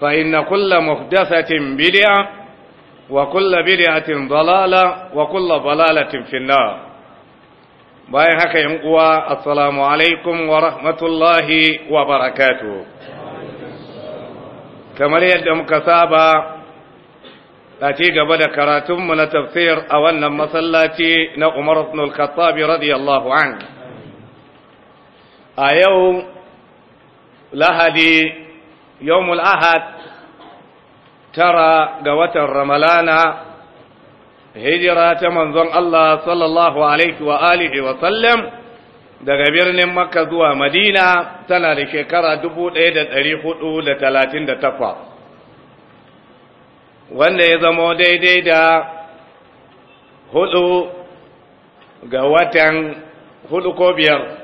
فإن كل محدثة بدعة وكل بدعة ضلالة وكل ضلالة في finna. bayan haka ‘yan uwa, assalamu alaikum wa rahmatullahi wa barakatu. Kamar yadda muka saba, a ci gaba da karatunmu na tafsir a wannan masallaci na Umar Usnul Khattabi radiyallahu an. A yau, Lahadi yawmul ahad tara ga watan ramalana hijira ta manzon Allah sallallahu alaihi wa alihi da sallam daga birnin makka zuwa madina tana da shekara 1438 wanda ya zama daidai da hudu ga watan hudu ko biyar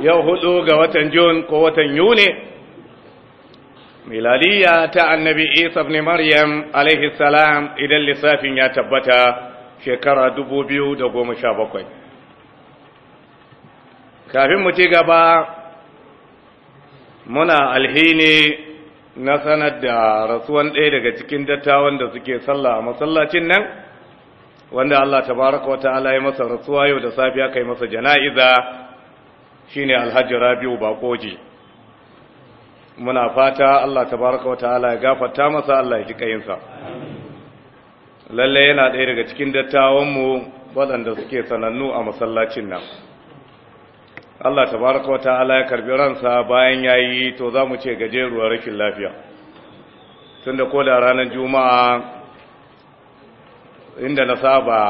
yau hudu ga watan jun ko watan yuni miladiya ta annabi isa ibn maryam alaihi salam idan lissafin ya tabbata shekara 2017 kafin mu ci gaba muna alhini na sanar da rasuwan ɗaya daga cikin dattawan da suke sallah a masallacin nan wanda Allah tabaraka wa ta'ala ya masa rasuwa yau da safiya kai masa jana'iza shine alhaji rabiu bakoji muna fata Allah tabaraka wa ta'ala ya gafarta masa Allah ya ji kayinsa lalle yana ɗaya daga cikin dattawanmu waɗanda suke sanannu a masallacin nan Allah tabaraka wa ta'ala ya karbi ransa bayan yayi to za mu ce gajeruwar rashin lafiya tunda ko da ranar juma'a inda na saba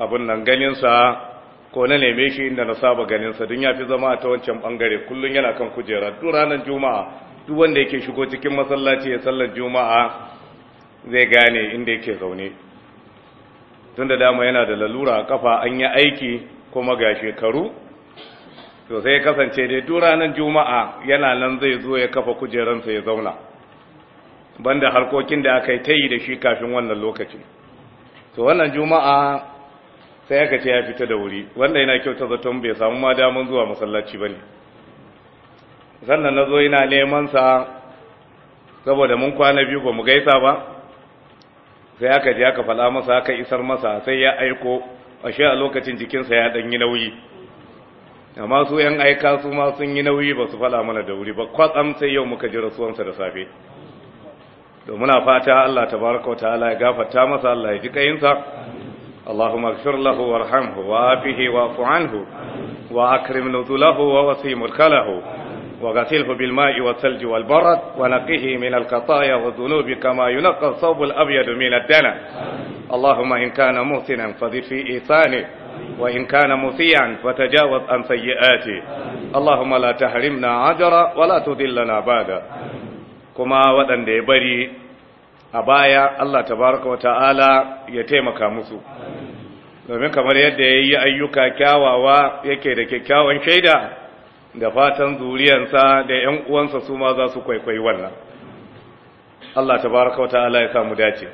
abin nan ganinsa ko na neme shi inda na saba ganinsa don ya fi zama a ta wancan bangare kullum yana kan kujera duk ranar juma'a duk wanda yake shigo cikin masallaci ya sallar juma'a zai gane inda yake zaune tun dama yana da lalura a kafa an yi aiki kuma ga shekaru to sai ya kasance dai duk ranar juma'a yana nan zai zo ya kafa kujeransa ya zauna banda harkokin da aka yi ta yi da shi kafin wannan lokaci to wannan juma'a sai aka ce ya fita da wuri wanda yana kyauta zaton bai samu ma daman zuwa masallaci ba ne sannan na zo yana neman sa saboda mun kwana biyu ba mu gaisa ba sai aka je aka faɗa masa aka isar masa sai ya aiko ashe a lokacin jikinsa ya ɗan nauyi amma su ‘yan aika su ma sun yi nauyi ba su fada mana da wuri ba kwatsam sai yau muka ji rasuwansa da safe domin muna fata Allah ta wa ta'ala ya gafarta masa Allah ya ji kayinsa Allahumma gfir lahu warhamhu wa afihi wa afu نزله wa akrim mulkalahu وغسله بالماء والثلج والبرد ونقه من القطايا والذنوب كما ينقى الثوب الأبيض من الدنا اللهم إن كان محسنا فضف في إيثانه وإن كان مسيئا فتجاوز عن سيئاته اللهم لا تحرمنا عجرا ولا تذلنا بعدا كما ودن دي بري أبايا الله تبارك وتعالى يتيمك مسو domin kamar yadda ya ayyuka kyawawa yake da kyakkyawan shaida da fatan zuriyarsa da ‘yan uwansa su ma za su kwaikwayi wannan Allah ta baraka wa ta'ala ya samu dace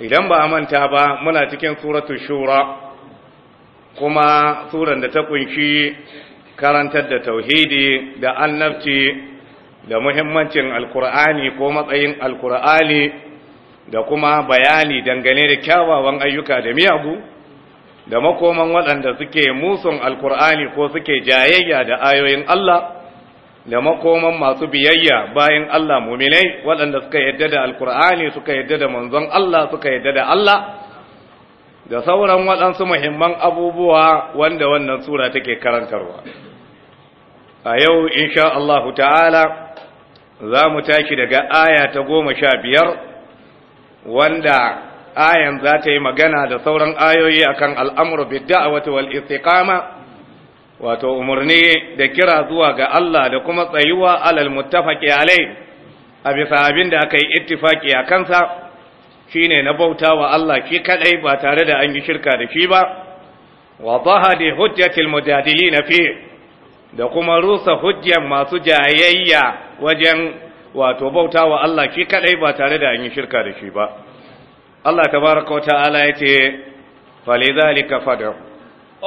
idan ba a manta ba muna cikin suratu shura kuma suran da ta kunshi karantar da tauhidi da annabci da muhimmancin alkur'ani ko matsayin alkur'ani da kuma bayani dangane da kyawawan ayyuka da miyagu da makoman waɗanda suke musun alkur'ani ko suke jayayya da ayoyin Allah da makoman masu biyayya bayan Allah muminai waɗanda suka yadda da alkur'ani suka yadda da manzon Allah suka yadda da Allah da sauran waɗansu muhimman abubuwa wanda wannan sura take karantarwa a yau insha Allah ta'ala za mu tashi daga aya ta goma sha biyar wanda ayan za ta yi magana da sauran ayoyi akan al'amuru bidda'awati wal istiqama wato umarni da kira zuwa ga Allah da kuma tsayuwa alal muttafaqi alai a bisa abin da aka yi ittifaki a kansa ne na bauta wa Allah shi kadai ba tare da an yi shirka da shi ba wa zahadi hujjatil na fi da kuma rusa hujjan masu jayayya wajen wato bauta wa Allah shi kadai ba tare da an yi shirka da shi ba Allah tabaraka wa ta'ala yace falidhalika fad'u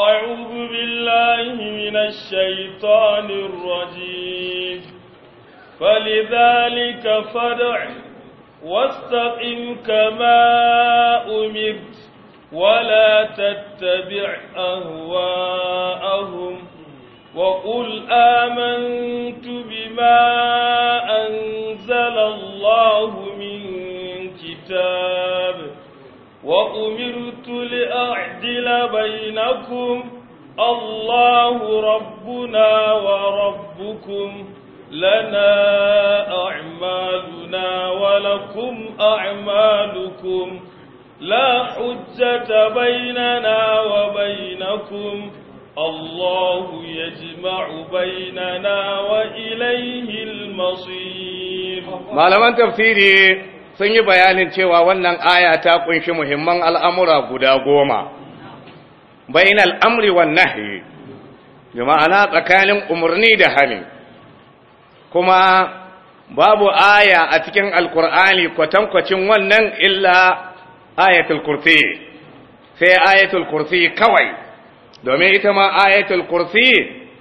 a'udhu billahi minash shaitanir rajim falidhalika fad'u wastaqim kama umirt ولا تتبع أهواءهم وقل آمنت بما أنزل الله من كتاب وأمرت لأعدل بينكم الله ربنا وربكم لنا أعمالنا ولكم أعمالكم لا حجة بيننا وبينكم الله يجمع بيننا وإليه المصير malaman tafsiri sun yi bayanin cewa wannan aya ta kunshi muhimman al'amura guda goma bainal amri wan nahyi ma'ana tsakanin umarni da hali kuma babu aya a cikin alkur'ani kwatankwacin wannan illa ayatul sai ayatul kursi kawai domin ita ma ayatul kursi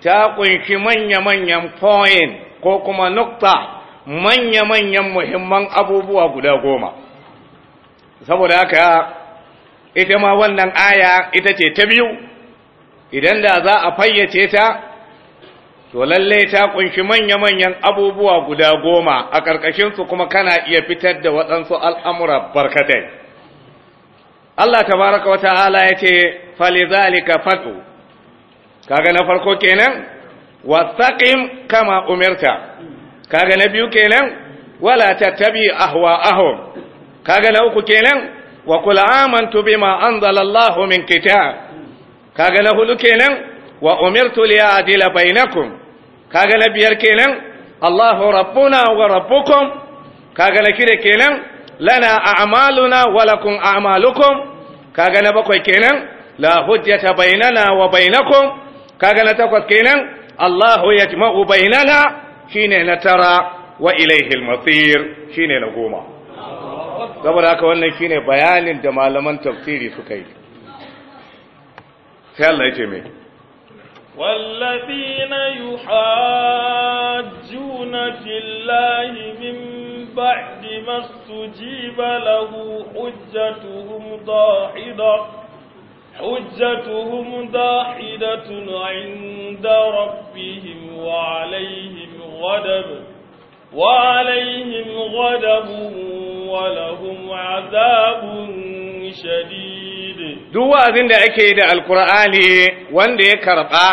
ta kunshi manya-manyan point ko kuma nukta manya-manyan muhimman abubuwa guda goma saboda haka ita ma wannan aya ita ce ta biyu idan da za a fayyace ta to lallai ta kunshi manya-manyan abubuwa guda goma a ƙarƙashinsu kuma kana iya fitar da waɗansu al'amura barkatai Allah tabaraka wata'ala ya ce falizalika fatu kaga na farko kenan wastaqim kama umirta kaga na biyu kenan wala tattabi ahwa'ahum kaga na uku kenan wa qul amantu bima anzala Allahu min kitab kaga na hudu kenan wa umirtu li a'dila bainakum kaga na biyar kenan Allahu rabbuna wa rabbukum kaga na kire kenan lana a'maluna wa lakum a'malukum kaga na bakwai kenan la hujjata bainana wa bainakum kaga na takwas kenan Allahu yajma'u bainana shine na tara wa ilaihi al-masir shine na goma saboda haka wannan shine bayanin da malaman tafsiri suka yi sai Allah ya ce mai والذين يحاجون في الله من بعد ما استجيب له حجتهم ضاحضة حجتهم ضاحضة عند ربهم وعليهم غضب وعليهم غضب ولهم عذاب Duk شديد دو أذن دا أكيد ya وان دي كرقا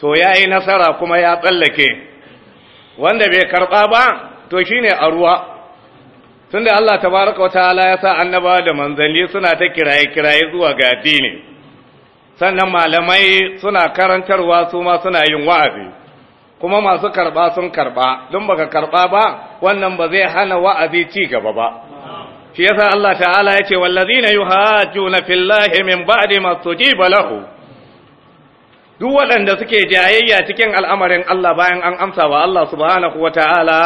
تو ياي نصر كما يطلق وان دي كرقا با تو a ruwa. tunda Allah tabaraka wa ta'ala ya sa annaba da manzani suna ta kiraye kiraye zuwa ga addini sannan malamai suna karantarwa su ma suna yin wa'azi kuma masu karba sun karba don baka karba ba wannan ba zai hana wa'azi ci gaba ba shi yasa Allah ta'ala ya ce wallazina yuhajjuna fillahi min ba'di ma tujiba lahu duk waɗanda suke jayayya cikin al'amarin Allah bayan an amsa wa Allah subhanahu ta'ala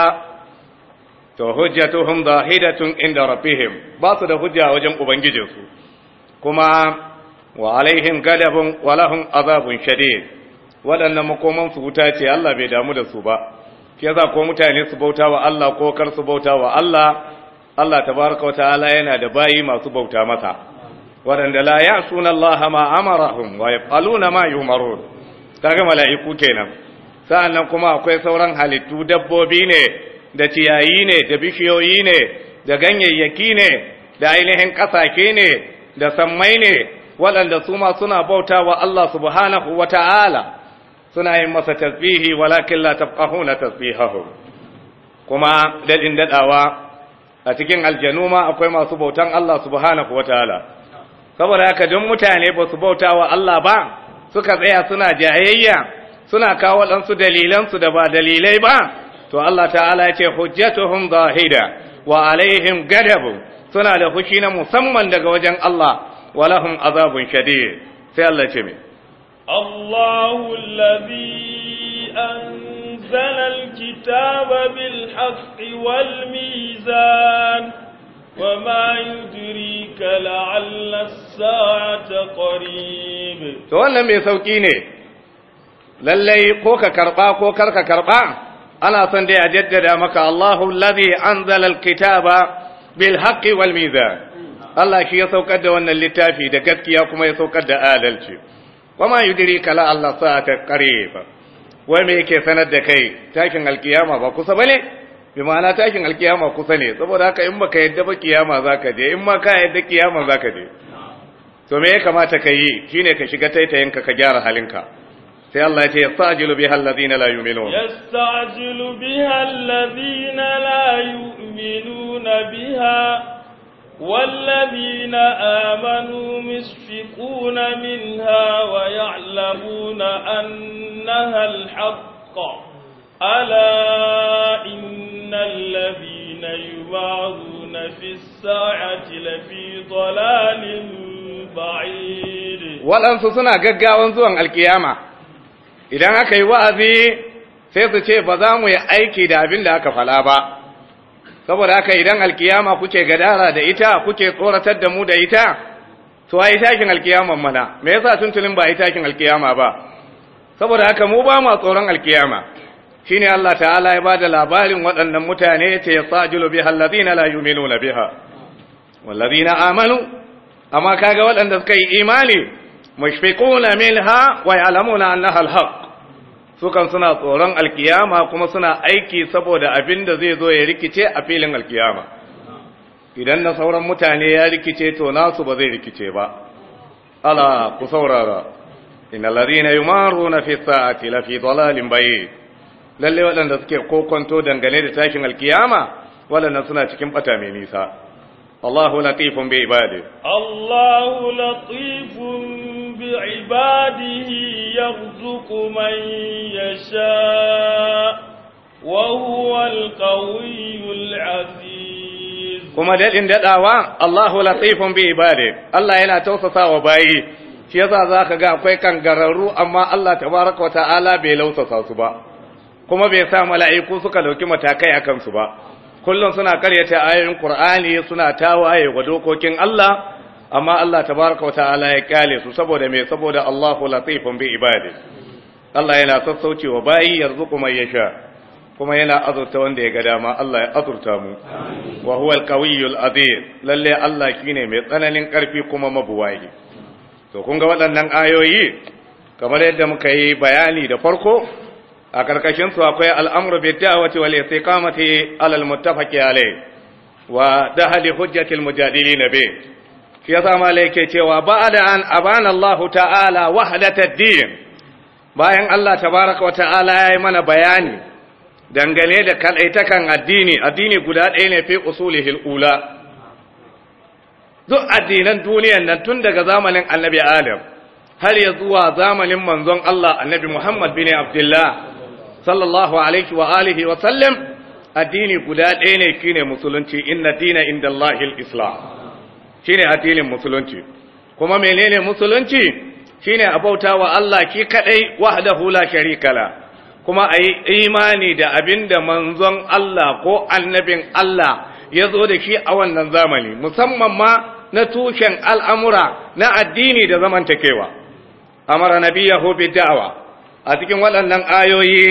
to hujjatuhum dahidatun inda rabbihim ba su da hujja wajen ubangijinsu kuma wa alaihim gadabin wa lahum azabun shadid waɗannan makoman su wuta ce Allah bai damu da su ba shi yasa ko mutane su bauta wa Allah ko kar su bauta wa Allah Allah tabaraka wa ta'ala yana da bayi masu bauta masa waɗanda la suna Allah ma amarahum wa yaf'aluna ma yumarun kaga mala'iku kenan sa'annan kuma akwai sauran halittu dabbobi ne da ciyayi ne da bishiyoyi ne da ganyayyaki ne da ainihin kasake ne da sammai ne waɗanda su ma suna bauta wa Allah subhanahu wa ta'ala suna yin masa tasbihi walakin la tafqahuna tasbihahum kuma daɗin daɗawa. a cikin aljanu ma akwai masu bautan Allah subhanahu wataala saboda haka don mutane ba su bauta wa Allah ba suka tsaya suna jayayya suna kawo ɗansu dalilansu da ba dalilai ba to Allah ta'ala ya ce hujjatuhum zahida wa alaihim gadab suna da fushi na musamman daga wajen Allah walahum azabun shadid sai Allah ce mai Allahu أنزل الكتاب بالحق والميزان وما يدريك لعل الساعة قريب تولى مي سوكيني للي كوكا كربا كوكا كربا أنا صندي أجدد مك الله الذي أنزل الكتاب بالحق والميزان Allah shi ya saukar da wannan littafi da gaskiya kuma ya saukar da adalci. Wama yudiri kala Allah sa ta ƙare ba. wai me yake sanar da kai takin alkiyama ba kusa bane bi ma'ana takin alkiyama kusa ne saboda haka in baka yadda ba kiyama zaka je in ma ka yadda kiyama zaka je to me ya kamata ka yi shine ka shiga taitayinka ka gyara halinka sai Allah ya ce yastajilu biha alladhina la yu'minun yastajilu biha alladhina la yu'minuna biha والذين آمنوا مشفقون منها ويعلمون أنها الحق ألا إن الذين يبعثون في الساعة لفي ضلال بعيد والأنس سنة قاقاون زوان القيامة إذا أكي وأذي sai su ce ba za mu yi aiki da abin da aka fala ba saboda haka idan alkiyama kuke gadara da ita kuke tsoratar da mu da ita to ai tashin alkiyama mana me yasa tuntunin ba ai tashin alkiyama ba saboda haka mu ba ma tsoron alkiyama shine Allah ta'ala ya bada labarin waɗannan mutane ya sajulu biha alladhina la yu'minuna biha walladhina amanu amma kaga waɗanda suka yi imani mushfiquna minha wa ya'lamuna annaha alhaq sukan suna tsoron alkiyama kuma suna aiki saboda abin da zai zo ya rikice a filin alkiyama idan na sauran mutane ya rikice to nasu ba zai rikice ba ala ku saurara inna ladina yumaruna fi sa'ati la fi dalalin bayy lalle waɗanda suke kokonto dangane da tashin alkiyama waɗannan suna cikin bata mai nisa Allahu latifun bi ibadi Allahu latifun بعباده يرزق من يشاء وهو القوي العزيز كما ba دداوا Allah لطيف بعباده الله yana tausasawa bayi shi yasa zaka ga akwai kan kangararru amma Allah tabaraka wataala bai lausasa su ba kuma bai sa mala'iku suka dauki matakai a kansu ba kullum suna karyata ayoyin Qur'ani suna tawaye wa dokokin Allah amma Allah tabaraka wa ta'ala ya kyale su saboda me saboda Allahu latifun bi ibadi Allah yana sassauce wa bayi yarzuqu man yasha kuma yana azurta wanda ya ga dama Allah ya azurta mu wa huwa al-qawiyyu azim lalle Allah kine mai tsananin karfi kuma mabuwayi to kun ga waɗannan ayoyi kamar yadda muka yi bayani da farko a karkashin su akwai al'amru bi da'wati wal istiqamati ala al-muttafaqi alayh wa dahali hujjatil mujadilin bi shi yasa malai cewa ba'da an abana Allah ta'ala wahdatad din bayan Allah tabaraka wa ta'ala yayi mana bayani dangane da kala'itakan addini addini guda ɗaya ne fi usulihil ula duk addinan duniyan nan tun daga zamanin annabi Adam har ya zuwa zamanin manzon Allah annabi Muhammad bin Abdullah sallallahu alaihi wa alihi wa sallam addini guda ɗaya ne shine musulunci inna dina indallahi al-islam shine addinin musulunci kuma menene musulunci shine a bauta wa Allah ki kadai wahdahu la sharika la kuma ayi imani da abinda manzon Allah ko annabin Allah ya zo da shi a wannan zamani musamman ma na tushen al'amura na addini da zamantakewa amara nabiyahu da'awa. a cikin waɗannan ayoyi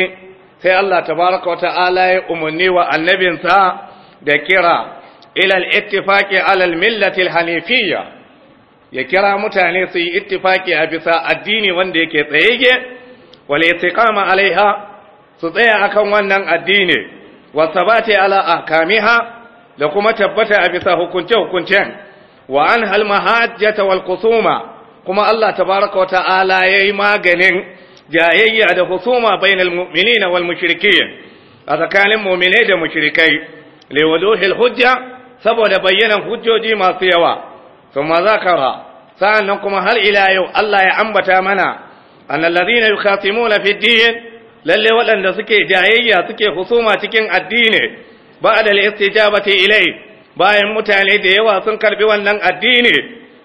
sai Allah tabaraka wata'ala ya umarni wa annabinsa da kira ila al alal millatil hanifiyya ya kira mutane su yi a bisa addini wanda yake tsayege wal istiqama alaiha su tsaya akan wannan addini wa sabati ala ahkamiha da kuma tabbata a bisa hukunce hukuncen wa an hal mahajjata wal kuma Allah tabaraka wa ta'ala yayi maganin jayayya da husuma bainal mu'minina wal mushrikeen a tsakanin mu'minai da mushrikai liwaduhil hujja saboda bayyanan hujjoji masu yawa thumma zakara sa'annan kuma har ila yau Allah ya ambata mana na yi kasimu na din lalle waɗanda suke jayayya suke husuma cikin addini ba'da al ce ilai bayan mutane da yawa sun karbi wannan addini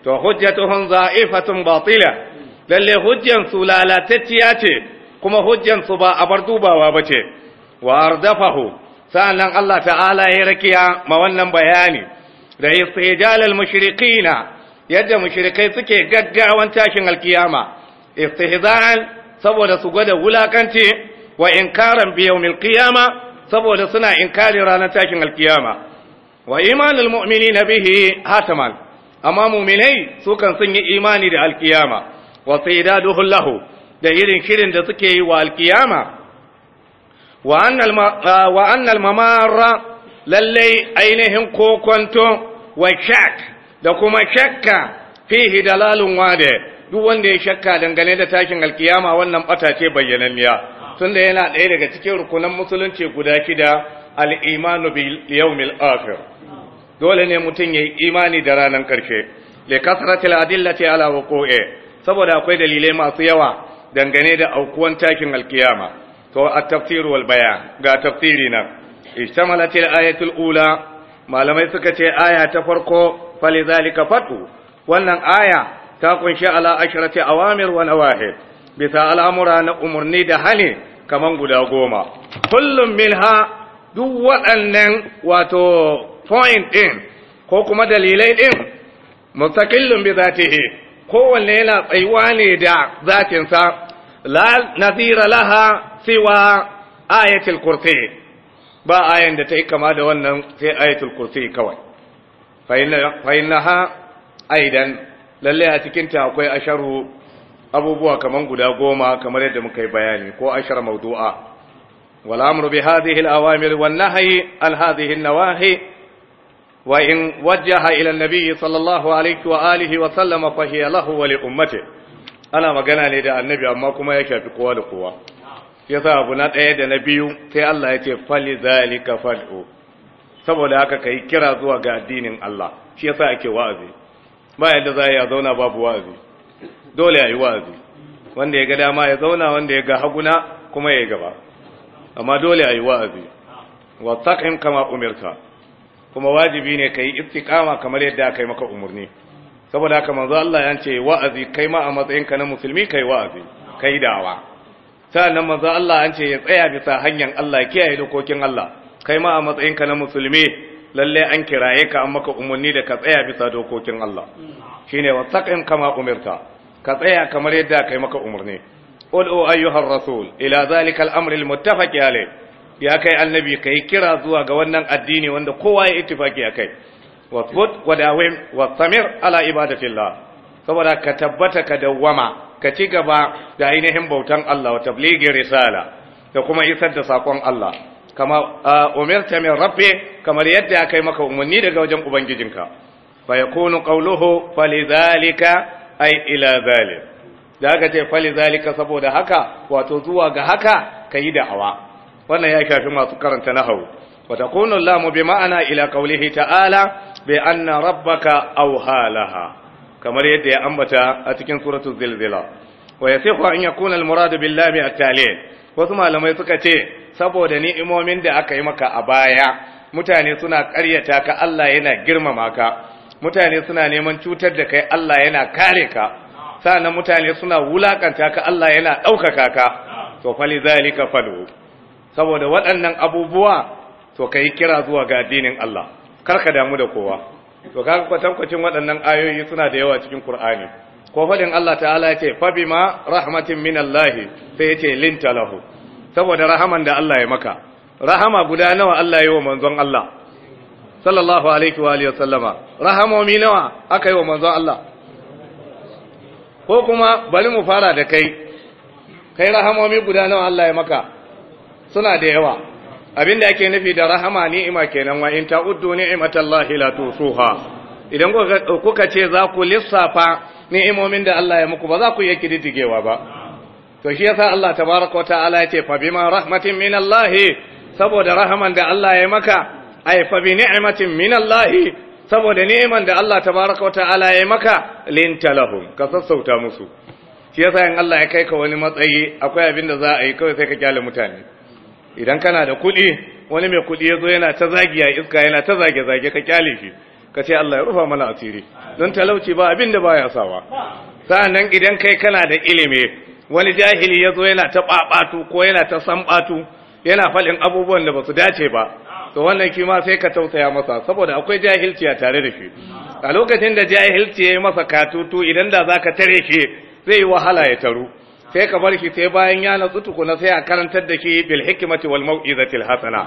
to hujjatuhum za'ifatun batila lalle hujjan su lalatacciya ce kuma hujjan su ba bar dubawa bace wa ardafahu sa'annan Allah ta'ala ya rakiya ma wannan bayani da istihjalal mushrikina yadda mushirikai suke gaggawan tashin alkiyama istihza'an saboda su gwada wulakanci wa inkaran bi saboda suna inkari ranar tashin alkiyama wa imanul na bihi hataman amma mu'minai su kan sun yi imani da alkiyama wa sayyidaduhu lahu da irin shirin da suke yi wa alkiyama wa annal ah, mamara lallai ainihin kokonto wa shak da kuma shakka fihi dalalun wade duk wanda ya shakka dangane da tashin alkiyama wannan bata ce bayyananniya tunda yana ɗaya daga cikin rukunan musulunci guda shida al-imanu bil yawmil akhir dole ne mutum yayi imani da ranar karshe li kasratil adillati ala wuqu'i saboda akwai dalilai masu yawa dangane da aukuwan tashin alkiyama to a tafsir wal bayan ga tafsiri na ishtamalat ayatul ula malamai suka ce aya ta farko falizalika fatu wannan aya ta kunshi ala ashrati awamir wa nawahid bisa al'amura na umurni da hali kaman guda goma kullum minha duk waɗannan wato point din ko kuma dalilai din mustaqillun bi zatihi kowanne yana tsayuwa ne da zatinsa la nazira laha siwa ayatul kursi ba ayan da ta yi kama da wannan sai ayatul kursi kawai fa ha aidan lalle a cikin akwai asharu abubuwa kamar guda goma kamar yadda muka yi bayani ko ashar maudu'a? wal amru bi hadhihi al awamir wan nahyi an hadhihi an nawahi wa in wajjaha ila an nabiy sallallahu alaihi wa alihi wa sallama fa hiya lahu wa li ana magana ne da annabi amma kuma ya shafi kowa da kowa ya sa abu na ɗaya da na biyu sai Allah ya ce fali zalika fal'u saboda haka ka yi kira zuwa ga addinin Allah shi ya sa ake wa'azi ba yadda za a zauna babu wa'azi dole a wa'azi wanda ya ga dama ya zauna wanda ya ga haguna kuma ya gaba amma dole a yi wa'azi wa taqim kama umirta kuma wajibi ne ka yi istiqama kamar yadda aka yi maka umarni saboda haka manzo Allah ya ce wa'azi kai ma a matsayinka na musulmi kai wa'azi kai dawa sa'annan maza Allah an ce ya tsaya bisa hanyar Allah kiyaye dokokin Allah kai ma a matsayinka na musulmi lalle an kiraye ka an maka umarni da ka tsaya bisa dokokin Allah shine wasaqin kama umirta ka tsaya kamar yadda kai maka umarni ul'u ayyuhar rasul ila zalika al-amri al alayh ya kai annabi kai kira zuwa ga wannan addini wanda kowa ya ittifaki akai wasbut wa dawim wasamir ala ibadatillah saboda ka tabbata ka dawwama ka ci gaba da ainihin bautan Allah wa tablighi risala da kuma isar da sakon Allah kama umirta min rabbi kamar yadda akai maka umarni daga wajen ubangijinka fa yakunu qawluhu falidhalika ay ila zalik da aka ce falidhalika saboda haka wato zuwa ga haka kayi da'awa wannan ya kafi masu karanta nahwu wa takunu lamu bi ma'ana ila qawlihi ta'ala bi anna rabbaka awhalaha kamar yadda ya ambata a cikin suratul zilzila wa yasihu an yakuna al-murad billahi at-tali wasu malamai suka ce saboda ni'imomin da aka yi maka a baya mutane suna ƙaryata ka Allah yana girmama ka mutane suna neman cutar da kai Allah yana kare ka sannan mutane suna wulakanta ka Allah yana ɗaukaka ka to fali zalika falu saboda waɗannan abubuwa to kai kira zuwa ga addinin Allah kar ka damu da kowa to kaga kwatankwacin waɗannan ayoyi suna da yawa cikin Qur'ani ko fadin Allah ta'ala ya ce fa bima rahmatin minallahi sai yake linta lahu saboda rahaman da Allah ya maka rahama guda nawa Allah ya yi wa manzon Allah sallallahu alaihi wa alihi wasallama rahamomi nawa aka yi wa manzon Allah ko kuma bari mu fara da kai kai rahamomi guda nawa Allah ya maka suna da yawa abinda ake nufi da rahama ni'ima kenan wa in ta'uddu ni'matallahi la tusuha idan kuka ce za ku lissafa ni'imomin da Allah ya muku ba za ku iya kididigewa ba to shi yasa Allah tabaraka wata'ala ta'ala ce fa bima rahmatin minallahi saboda rahaman da Allah ya maka ay fa bi ni'matin minallahi saboda ni'iman da Allah tabaraka wata'ala ya maka linta lahum ka sassauta musu shi yasa in Allah ya kai ka wani matsayi akwai abin da za a yi kawai sai ka kyale mutane idan kana da kuɗi wani mai kuɗi ya zo yana ta zagiya iska yana ta zage-zage ka kyale shi ka ce Allah ya rufa mana asiri don talauci ba abin da baya sawa sa'annan idan kai kana da ilimi wani jahili ya zo yana ta ɓaɓatu ko yana ta sanɓatu yana faɗin abubuwan da ba su dace ba to wannan kima sai ka tausaya masa saboda akwai jahilci a tare da shi a lokacin da jahilci ya yi masa katutu idan da za ka tare shi zai yi wahala ya taru sai ka bar shi sai bayan ya natsu tukuna sai a karantar da shi bil hikmati wal mau'izatil hasana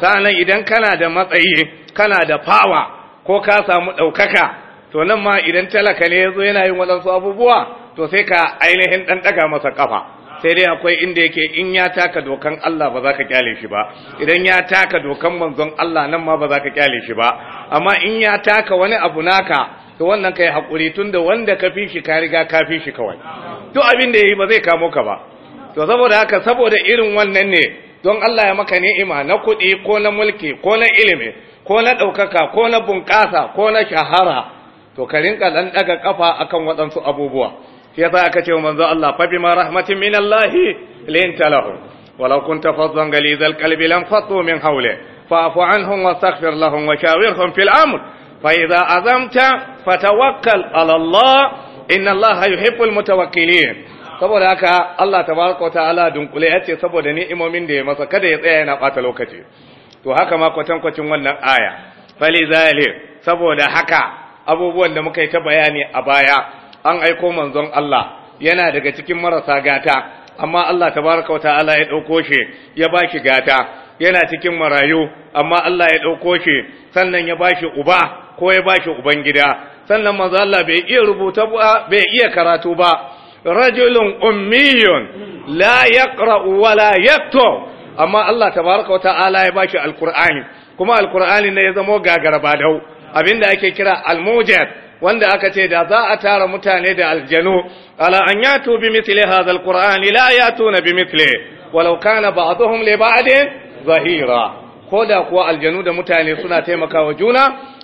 sanan idan kana da matsayi kana da fawa ko ka samu daukaka to nan ma idan talaka ne yazo yana yin wadansu abubuwa to sai ka ainihin dan daga masa kafa sai dai akwai inda yake in ya taka dokan Allah ba za ka kyale shi ba idan ya taka dokan manzon Allah nan ma ba za ka kyale shi ba amma in ya taka wani abu naka to wannan kai hakuri tunda wanda ka fi shi ka riga ka fi shi kawai duk abin da yayi ba zai kamo ka ba to saboda haka saboda irin wannan ne don Allah ya maka ni'ima na kuɗi ko na mulki ko na ilimi ko na ɗaukaka ko na bunƙasa ko na shahara to ka rinka dan daga kafa akan waɗansu abubuwa shi yasa aka ce manzo Allah fa bima rahmatin min Allah linta lahum walau kunta faddan ghalizal qalbi lam fatu min hawli fa'fu anhum wastaghfir lahum wa shawirhum fil amr فإذا عزمت فتوكل على الله إن الله يحب المتوكلين saboda haka Allah tabaraka ta'ala dunkule ya ce saboda ni'imomin da ya masa kada ya tsaya yana bata lokaci to haka ma kwatankwacin wannan aya falizali saboda haka abubuwan da muka yi ta bayani a baya an aiko manzon Allah yana daga cikin marasa gata amma Allah tabaraka ta'ala ya dauko shi ya baki gata yana cikin marayu amma Allah ya ɗauko shi sannan ya bashi uba ko ya bashi uban gida sannan manzo Allah bai iya rubuta ba bai iya karatu ba rajulun ummiyun la yaqra wa la yaktub amma Allah tabaraka ta'ala ya bashi alqur'ani kuma alqur'ani ne ya zama gagara badau abinda ake kira almujad wanda aka ce da za a tara mutane da aljanu ala an yatu bi mithli hadha alqur'ani la yatuna bi mithli walau kana ba'dhum li ba'din zahira ko da kuwa aljanu da mutane suna taimakawa juna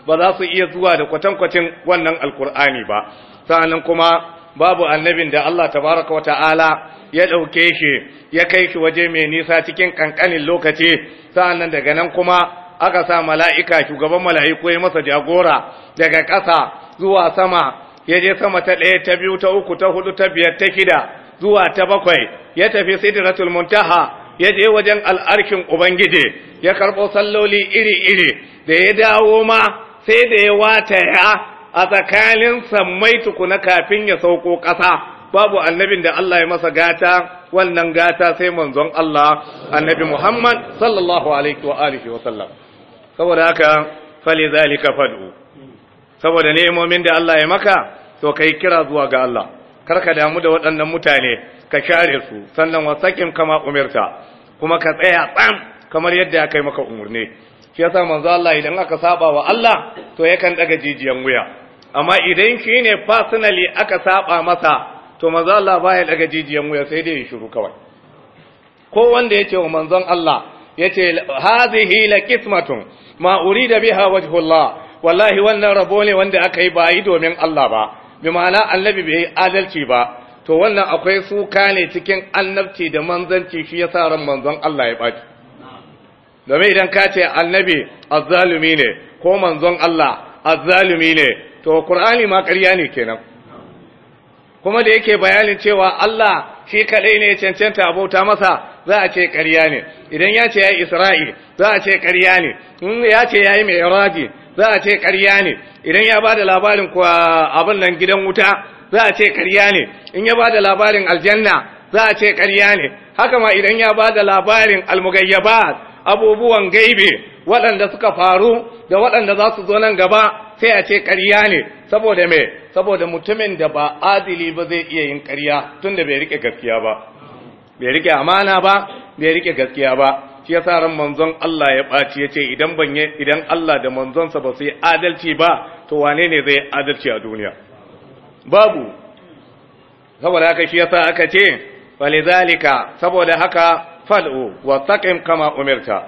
ba za su iya zuwa da kwatankwacin wannan alkur'ani ba sa'annan kuma babu annabin da Allah tabaraka wa ta'ala ya ɗauke shi ya kai shi waje mai nisa cikin ƙanƙanin lokaci sa'annan daga nan kuma aka sa mala'ika shugaban mala'iku ya masa jagora daga ƙasa zuwa sama ya je sama ta ɗaya ta biyu ta uku ta hudu ta biyar ta shida zuwa ta bakwai ya tafi sidratul muntaha ya je wajen al'arkin ubangiji ya karɓo salloli iri-iri da ya dawo ma sai da ya wataya a tsakanin sammai tukuna kafin ya sauko ƙasa babu annabin da Allah ya masa gata wannan gata sai manzon Allah annabi Muhammad sallallahu alaihi wa alihi wa sallam saboda haka fali zalika fad'u saboda ne'imomin da Allah ya maka to kai kira zuwa ga Allah Kar ka damu da waɗannan mutane ka share su sannan wasakin kama umirta kuma ka tsaya tsam kamar yadda aka yi maka umurni shi yasa manzo Allah idan aka saba wa Allah to yakan daga jijiyan wuya amma idan shi ne personally aka saba masa to manzo Allah baya daga jijiyan wuya sai dai ya shiru kawai ko wanda yace wa manzon Allah yace hadhihi la kismatun, ma urida biha wajhullah wallahi wannan rabo ne wanda aka yi ba yi domin Allah ba bi ma'ana annabi bai adalci ba to wannan akwai suka ne cikin annabci da manzanci shi ya sa ran manzon Allah ya ɓaci domin idan ka ce annabi azzalumi ne ko manzon Allah azzalumi ne to Qur'ani ma ƙarya ne kenan kuma da yake bayanin cewa Allah shi kaɗai ne cancanta abota masa za a ce ƙarya ne idan ya ce ya isra'i za a ce ƙarya ne in ya ce ya yi mai za a ce ƙarya ne idan ya ba da labarin abin nan gidan wuta za a ce karya ne in ya ba da labarin aljanna za a ce karya ne haka ma idan ya ba da labarin almugayyaba, abubuwan gaibe waɗanda suka faru da waɗanda za su zo nan gaba sai a ce karya ne saboda me saboda mutumin da ba adili ba zai iya yin karya da bai rike gaskiya ba bai rike amana ba bai rike gaskiya ba shi yasa ran manzon Allah ya ɓaci ya ce idan ban idan Allah da manzonsa ba su yi adalci ba to wane ne zai adalci a duniya babu saboda haka shi yasa aka ce falizalika saboda haka fal'u wastaqim kama umirta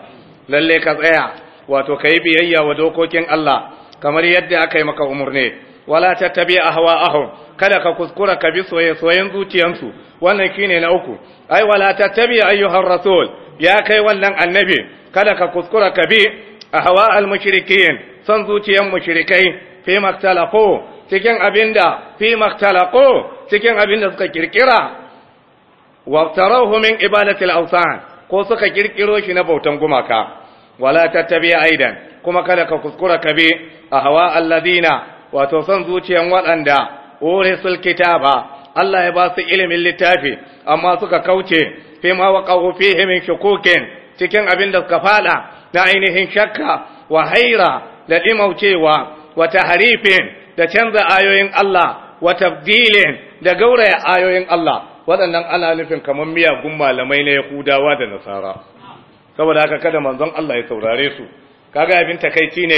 lalle ka tsaya wato kai biyayya wa dokokin Allah kamar yadda aka yi maka umurne wala tattabi ahwa'ahum kada ka kuskura ka bi soyayyen soyayyen zuciyansu wannan na uku ai wala tattabi ayyuhar rasul ya kai wannan annabi kada ka kuskura ka bi ahwa al mushrikin san zuciyan mushrikai fi maktalafu cikin abinda fi maktalako cikin abinda suka kirkira wa min ibadati al-awthan ko suka kirkiro shi na bautan gumaka wala tattabi aidan kuma kada ka kuskura ka bi ahwa alladina wato son zuciyan waɗanda urisul kitaba Allah ya ba su ilimin littafi amma suka kauce fi ma waqahu fihi min shukukin cikin abin da suka fada na ainihin shakka wa haira da imaucewa wa taharifin da canza ayoyin Allah wa tabdilin da gauraya ayoyin Allah waɗannan ana nufin kamar miyagun malamai na Yahudawa da Nasara saboda haka kada manzon Allah ya saurare su kaga abin takaici ne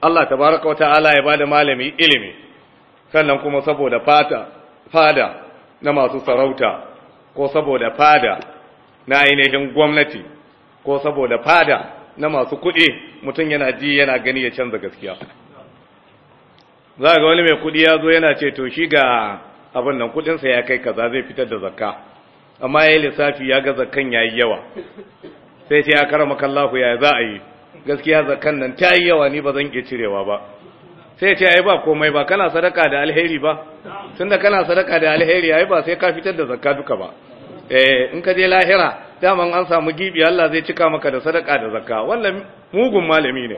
Allah tabaraka wa ta'ala ya bada malami ilimi sannan kuma saboda fata fada na masu sarauta ko saboda fada na ainihin gwamnati ko saboda fada na masu kuɗi mutum yana ji yana gani ya canza gaskiya za ga wani mai kudi ya zo yana ce to shi ga abin nan kudinsa ya kai kaza zai fitar da zakka amma ya yi lissafi ya ga zakkan ya yi yawa sai ce ya kara makallahu ya za a yi gaskiya zakkan nan ta yi yawa ni ba zan iya cirewa ba sai ce ai ba komai ba kana sadaka da alheri ba tunda kana sadaka da alheri ai ba sai ka fitar da zakka duka ba eh in ka je lahira daman an samu gibi Allah zai cika maka da sadaka da zakka wannan mugun malami ne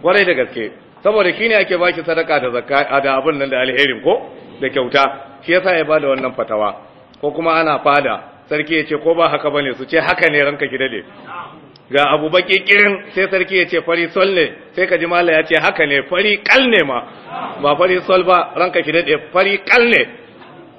kwarai da gaske saboda ne ake baki sadaka da zakka da abin nan da alherin ko da kyauta shi yasa ya bada wannan fatawa ko kuma ana fada sarki ya ce ko ba haka bane su ce haka ne ranka ki dade ga abu baki kirin sai sarki ya ce fari sol ne sai ka ji mala ya ce haka ne fari kal ne ma ba fari sol ba ranka ki dade fari kal ne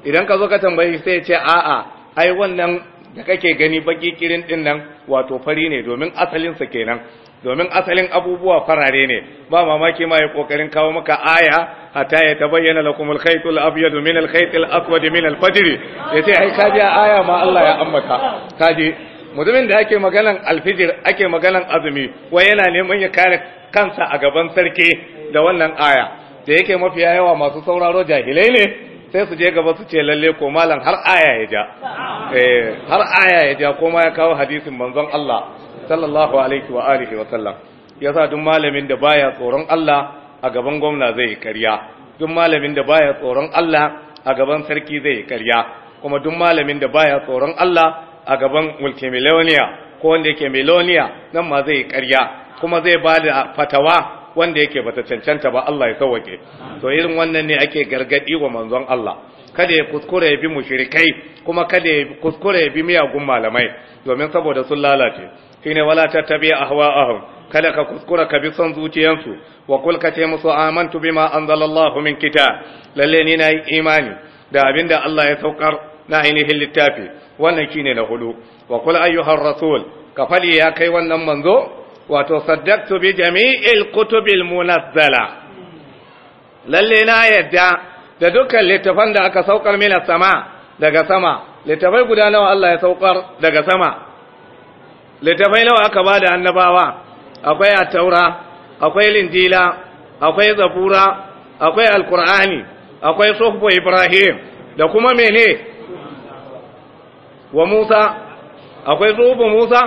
idan ka zo ka tambayi sai ya ce a'a ai wannan da kake gani baki kirin din nan wato fari ne domin asalinsa kenan domin asalin abubuwa farare ne ba mamaki ma ya kokarin kawo maka aya hatta ya tabayyana lakum al-khayt al-abyad min al khaytil aswad min al-fajr yace ai ji aya ma Allah ya ambata kaji mutumin da ake maganan alfijir ake maganan azumi wai yana neman ya kare kansa a gaban sarki da wannan aya da yake mafiya yawa masu sauraro jahilai ne sai su je gaba su ce lalle ko malam har aya ya ja eh har aya ya ja kuma ya kawo hadisin manzon Allah sallallahu alaihi wa alihi wa sallam yasa duk malamin da baya tsoron Allah a gaban gwamna zai karya duk malamin da baya tsoron Allah a gaban sarki zai karya kuma duk malamin da baya tsoron Allah a gaban Melonia ko wanda yake Melonia nan ma zai karya kuma zai ba da fatawa wanda yake bata cancanta ba Allah ya sauwake to irin wannan ne ake gargadi wa manzon Allah kada ya kuskure ya bi mushrikai kuma kada ya kuskure ya bi miyagun malamai domin saboda sun lalace shine wala tattabi ahwa'ahum kada ka kuskura ka bi son zuciyansu wa kul ka ce musu amantu bima anzalallahu min kita lalle ni na yi imani da abinda Allah ya saukar na ainihin littafi wannan shine na hudu wa kul ayyuhar rasul ka fali ya kai wannan manzo wato saddaktu bi jami'il kutubil munazzala lalle na yadda da dukkan littafan da aka saukar mina sama daga sama littafai guda nawa Allah ya saukar daga sama littafai nawa aka ba da annabawa akwai at-taura akwai linjila akwai zabura akwai alkur'ani akwai suhufu ibrahim da kuma mene wa musa akwai suhufu musa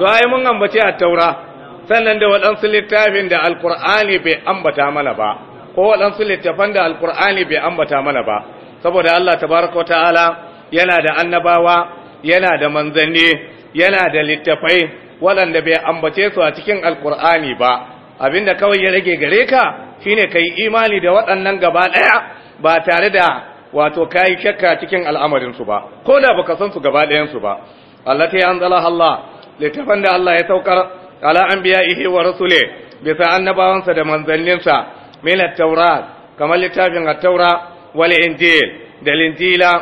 to ai mun ambace at-taura sannan da waɗansu littafin da alkur'ani bai ambata mana ba ko waɗansu littafan da alkur'ani bai ambata mana ba saboda Allah tabaraka ta'ala yana da annabawa yana da manzanni yana da littafai waɗanda bai ambace su a cikin alkur'ani ba abinda kawai ya rage gare ka shine kai imani da waɗannan gaba ɗaya ba tare da wato kayi shakka cikin al'amarinsu ba ko da baka san su gaba ɗayansu ba allati anzala Allah littafan da Allah ya saukar ala anbiya'ihi wa rasule bisa annabawansa da manzanninsa min at-taurat kamar littafin at-taura wal injil da injila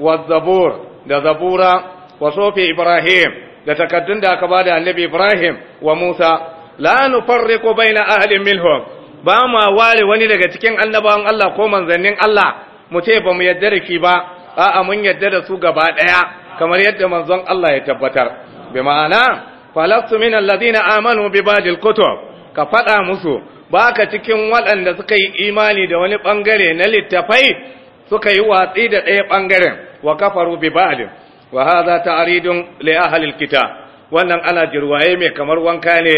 wa zabur da zabura wa Sufi ibrahim da takaddun da aka bada annabi ibrahim wa musa la nufarriqu baina ahli minhum ba ma ware wani daga cikin annabawan Allah ko manzannin Allah mu ce ba mu yadda da ki ba a'a mun yadda da su gaba daya kamar yadda manzon Allah ya tabbatar bi ma'ana falastu min alladhina amanu bi ba'dil kutub ka fada musu baka cikin waɗanda suka yi imani da wani bangare na littafai suka yi watsi da ɗaya bangaren wa kafaru bi ba'd wa hadha ta'ridun li ahli alkitab wannan ana jirwaye mai kamar wanka ne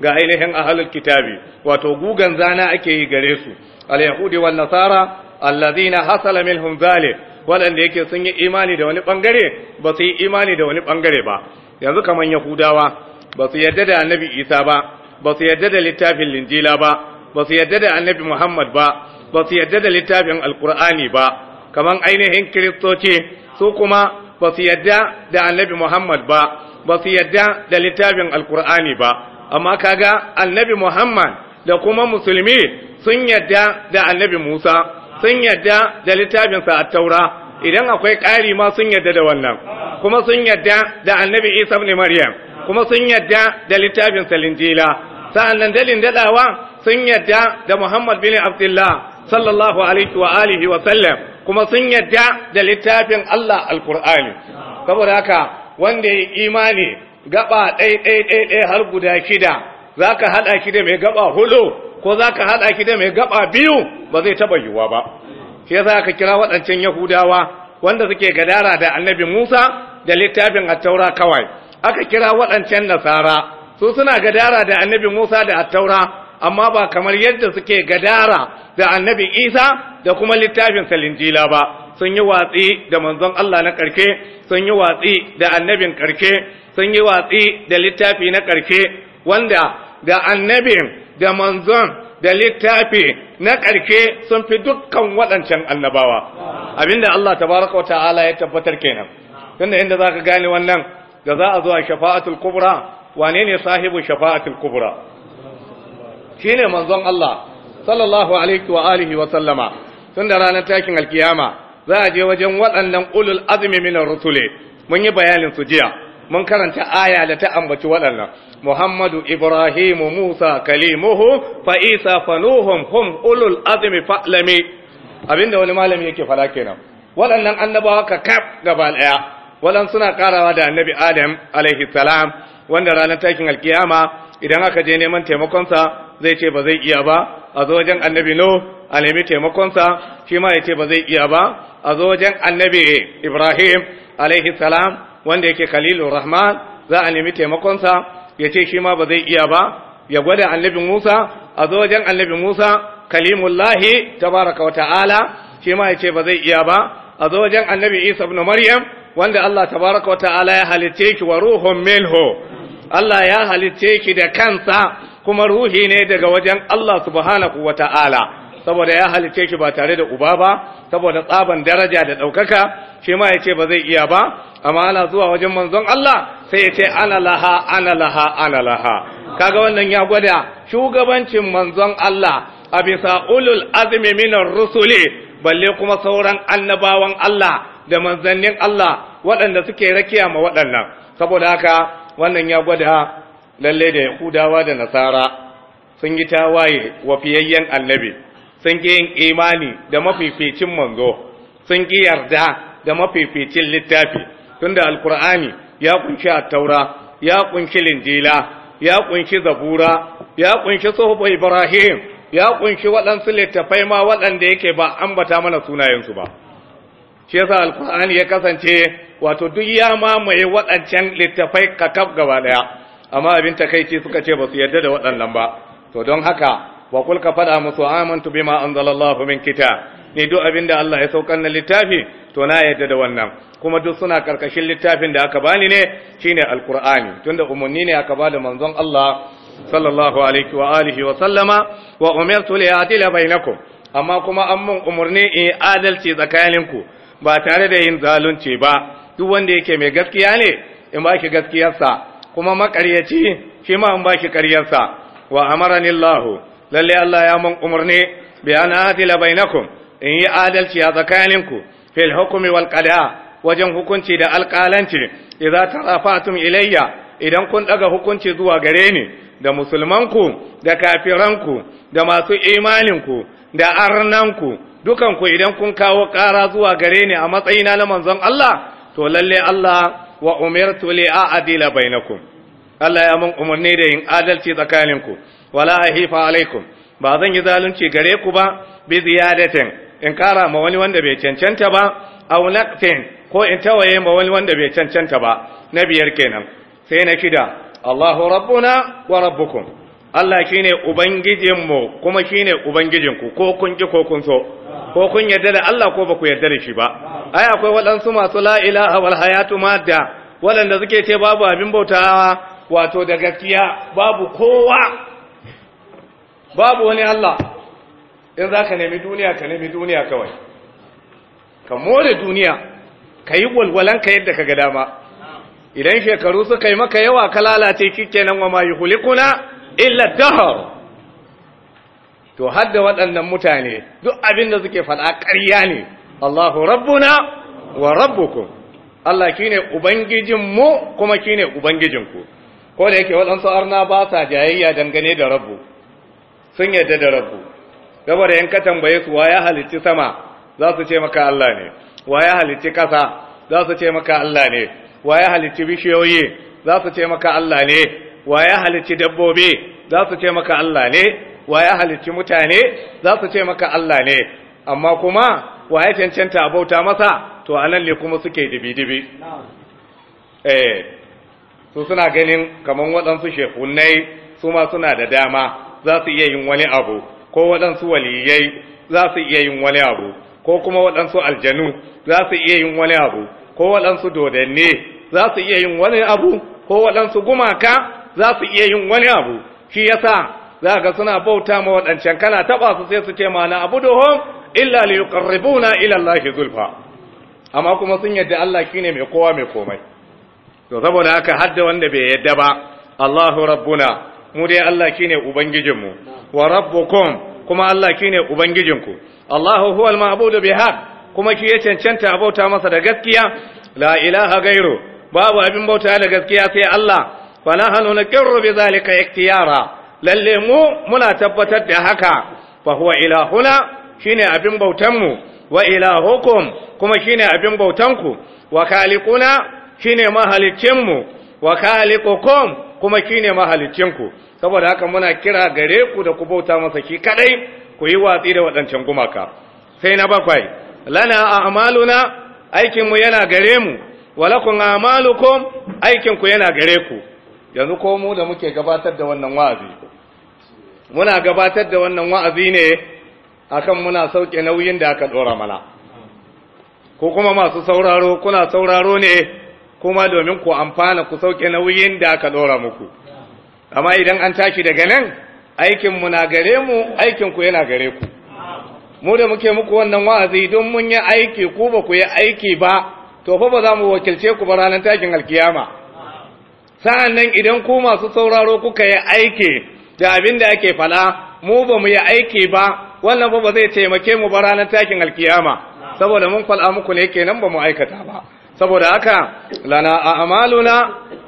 ga ainihin ahlul kitabi wato gugan zana ake yi gare su al wal nasara alladhina hasala minhum zalik waɗanda yake sun yi imani da wani ɓangare ba su yi imani da wani ɓangare ba yanzu kaman yahudawa ba su yarda da annabi isa ba ba su yarda da littafin linjila ba ba su yarda da annabi muhammad ba ba su yarda da littafin alkur'ani ba kaman ainihin kiristoci su kuma ba su yarda da annabi muhammad ba ba su yarda da littafin alkur'ani ba amma kaga annabi muhammad da kuma musulmi sun yarda da annabi musa sun yarda da littafinsa a taura idan akwai ƙari ma sun yarda da wannan kuma sun yadda da annabi isa ibn maryam kuma sun yadda da littafin salinjila sa'annan dalin dadawa sun yadda da muhammad bin abdullah sallallahu alaihi wa alihi wa sallam kuma sun yadda da littafin allah alqur'ani saboda haka wanda ya imani gaba ɗai ɗai ɗai ɗai har guda shida zaka hada shi da mai gaba hudu ko zaka hada shi da mai gaba biyu ba zai taba yiwuwa ba shi yasa ka kira waɗancan yahudawa wanda suke gadara da annabi Musa da littafin attaura kawai aka kira waɗancan nasara su suna gadara da annabi musa da attaura amma ba kamar yadda suke gadara da annabi isa da kuma littafin salinjila ba sun yi watsi da manzon Allah na ƙarke sun yi watsi da annabin ƙarke sun yi watsi da littafi na ƙarke wanda da annabin da manzon da littafi na ƙarke sun fi dukkan waɗancan annabawa abinda Allah tabaraka wa ta'ala ya tabbatar kenan tunda inda ka gane wannan da za a zo a shafa'atul kubra wane ne sahibu shafa'atul kubra shine manzon Allah sallallahu alaihi wa alihi wa sallama tunda ranar takin alkiyama za a je wajen waɗannan ulul azumi min rutule, mun yi bayanin su jiya mun karanta aya da ta ambaci waɗannan Muhammadu Ibrahimu Musa kalimuhu fa Isa fa Nuhum hum ulul azmi fa'lami abinda wani malami yake fara kenan waɗannan annabawa ka kaf gaba ɗaya walan suna karawa da annabi adam alaihi salam wanda ranar takin alkiyama idan aka je neman taimakonsa zai ce ba zai iya ba a zo wajen annabi no a nemi taimakonsa shi ma ya ce ba zai iya ba a zo wajen annabi ibrahim alaihi salam wanda yake khalilur rahman za a nemi taimakonsa ya ce shi ma ba zai iya ba ya gwada annabi musa a zo wajen annabi musa kalimullahi tabaraka wa ta'ala shi ma ya ce ba zai iya ba a zo wajen annabi isa ibn maryam wanda Allah tabaraka wa ta'ala ya halitte ki wa ruhun milho, Allah ya halitte ki da kansa kuma ruhi ne daga wajen Allah subhanahu wa ta'ala saboda ya halitte ki ba tare da uba ba saboda tsaban daraja da ɗaukaka shi ma ya ce ba zai iya ba amma ana zuwa wajen manzon Allah sai ya ce ana laha ana laha ana laha kaga wannan ya gwada shugabancin manzon Allah a bisa ulul azmi minar rusuli balle kuma sauran annabawan Allah da manzannin Allah waɗanda suke rakiya ma waɗannan saboda haka wannan ya gwada lalle da yahudawa da nasara sun yi tawaye wa fiyayyen annabi sun ƙi yin imani da mafificin manzo sun ƙi yarda da mafificin littafi tunda alkur'ani ya kunshi attaura ya ƙunshi linjila ya ƙunshi zabura ya ƙunshi sohba ibrahim ya ƙunshi waɗansu littafai ma waɗanda yake ba ambata mana sunayensu ba shi yasa alkur'ani ya kasance wato duk ya mamaye waɗancan littafai kakaf gaba ɗaya amma abin kaici suka ce ba su yarda da waɗannan ba to don haka wa kul ka faɗa musu amantu bima anzalallahu min kita ni duk abin da Allah ya saukar na littafi to na yarda da wannan kuma duk suna karkashin littafin da aka bani ne shine alkur'ani tunda umarni ne aka bada manzon Allah sallallahu alaihi wa alihi wa sallama wa umirtu li bainakum amma kuma an mun umarni in adalci tsakaninku ba tare da yin zalunci ba duk wanda yake mai gaskiya ne in baki gaskiyarsa kuma makaryaci shi ma in baki karyarsa wa amarani Allah lalle Allah ya mun umarni bi an adila bainakum in yi adalci a tsakaninku fil hukmi wal qada wajen hukunci da alƙalanci idza tarafatum ilayya idan kun daga hukunci zuwa gare ni da musulmanku da kafiranku da masu imaninku da arnanku dukanku idan kun kawo ƙara zuwa gare ni a matsayina na manzon Allah to lalle Allah wa umirtu li a'dila bainakum Allah ya mun umarni da yin adalci tsakaninku wala ahifa alaikum ba zan yi zalunci gare ku ba bi ziyadatin in kara ma wani wanda bai cancanta ba aw naqtin ko in tawaye ma wani wanda bai cancanta ba na biyar kenan sai na kida Allahu rabbuna wa rabbukum Allah shine ubangijinmu kuma shine ubangijinku ko kun ki ko kun so ko kun yarda da Allah ko ba ku yarda da shi ba ai akwai waɗansu masu la'ila ilaha wal hayatu madda waɗanda suke ce babu abin bautawa wato da gaskiya babu kowa babu wani Allah in za ka nemi duniya ka nemi duniya kawai ka more duniya ka yi walwalanka yadda ka ga dama idan shekaru suka yi maka yawa ka lalace kikenan wa ma yuhlikuna illa dahar to hadda waɗannan mutane duk abin da suke faɗa ƙarya ne Allahu rabbuna wa rabbukum Allah kine mu kuma kine ubangijinku ko da yake waɗansu arna ba sa jayayya dangane da rabbu sun yadda da rabbu gaba da yanka tambaye su wa ya halicci sama za su ce maka Allah ne wa ya halicci ƙasa za su ce maka Allah ne wa ya halicci bishiyoyi za su ce maka Allah ne wa ya halicci dabbobi za su ce maka Allah ne wa ya halicci mutane za su ce maka Allah ne amma kuma wa ya cancanta a bauta masa to a nan ne kuma suke dibi-dibi eh su suna ganin kamar waɗansu shekunai su ma suna da dama za su iya yin wani abu ko waɗansu waliyai za su iya yin wani abu ko kuma waɗansu aljanu za su iya yin wani abu ko waɗansu dodanne za su iya yin wani abu ko waɗansu gumaka za su iya yin wani abu shi yasa za ka suna bauta ma waɗancan kana taɓa su sai su ce na abu dohon illa li yuqarribuna ila Allah zulfa amma kuma sun yadda Allah shine mai kowa mai komai to saboda haka hadda wanda bai yadda ba Allahu rabbuna mu dai Allah shine mu. wa rabbukum kuma Allah shine ku. Allahu huwal ma'budu bihaq kuma ki ya cancanta bauta masa da gaskiya la ilaha gairu babu abin bauta da gaskiya sai Allah fa nahnu naqirru bi zalika ikhtiyara lalle mu muna tabbatar da haka fa huwa ilahuna shine abin bautan mu wa ilahukum kuma shine abin bautan ku wa khaliquna shine mahalicin mu wa khaliqukum kuma shine mahalicin ku saboda haka muna kira gare ku da ku bauta masa shi kadai ku yi watsi da wadancan gumaka sai na bakwai lana a'maluna aikin mu yana gare mu wa lakum a'malukum aikin ku yana gare ku yanzu ko mu da muke gabatar da wannan wa'azi muna gabatar da wannan wa'azi ne akan muna sauke nauyin da aka dora mana ko kuma masu sauraro kuna sauraro ne kuma domin ku amfana ku sauke nauyin da aka dora muku amma idan an tashi daga nan aikin mu na gare mu aikin ku yana gare ku mu da muke muku wannan wa'azi don mun yi aiki ku ba ku yi aiki ba to fa ba za mu wakilce ku ba ranar takin alkiyama sa'an nan idan ku masu sauraro kuka yi aiki da abin da ake fala mu ba mu yi aiki ba wannan ba ba zai taimake mu ba ranar takin alkiyama saboda mun fala muku ne kenan ba mu aikata ba saboda haka lana a a'maluna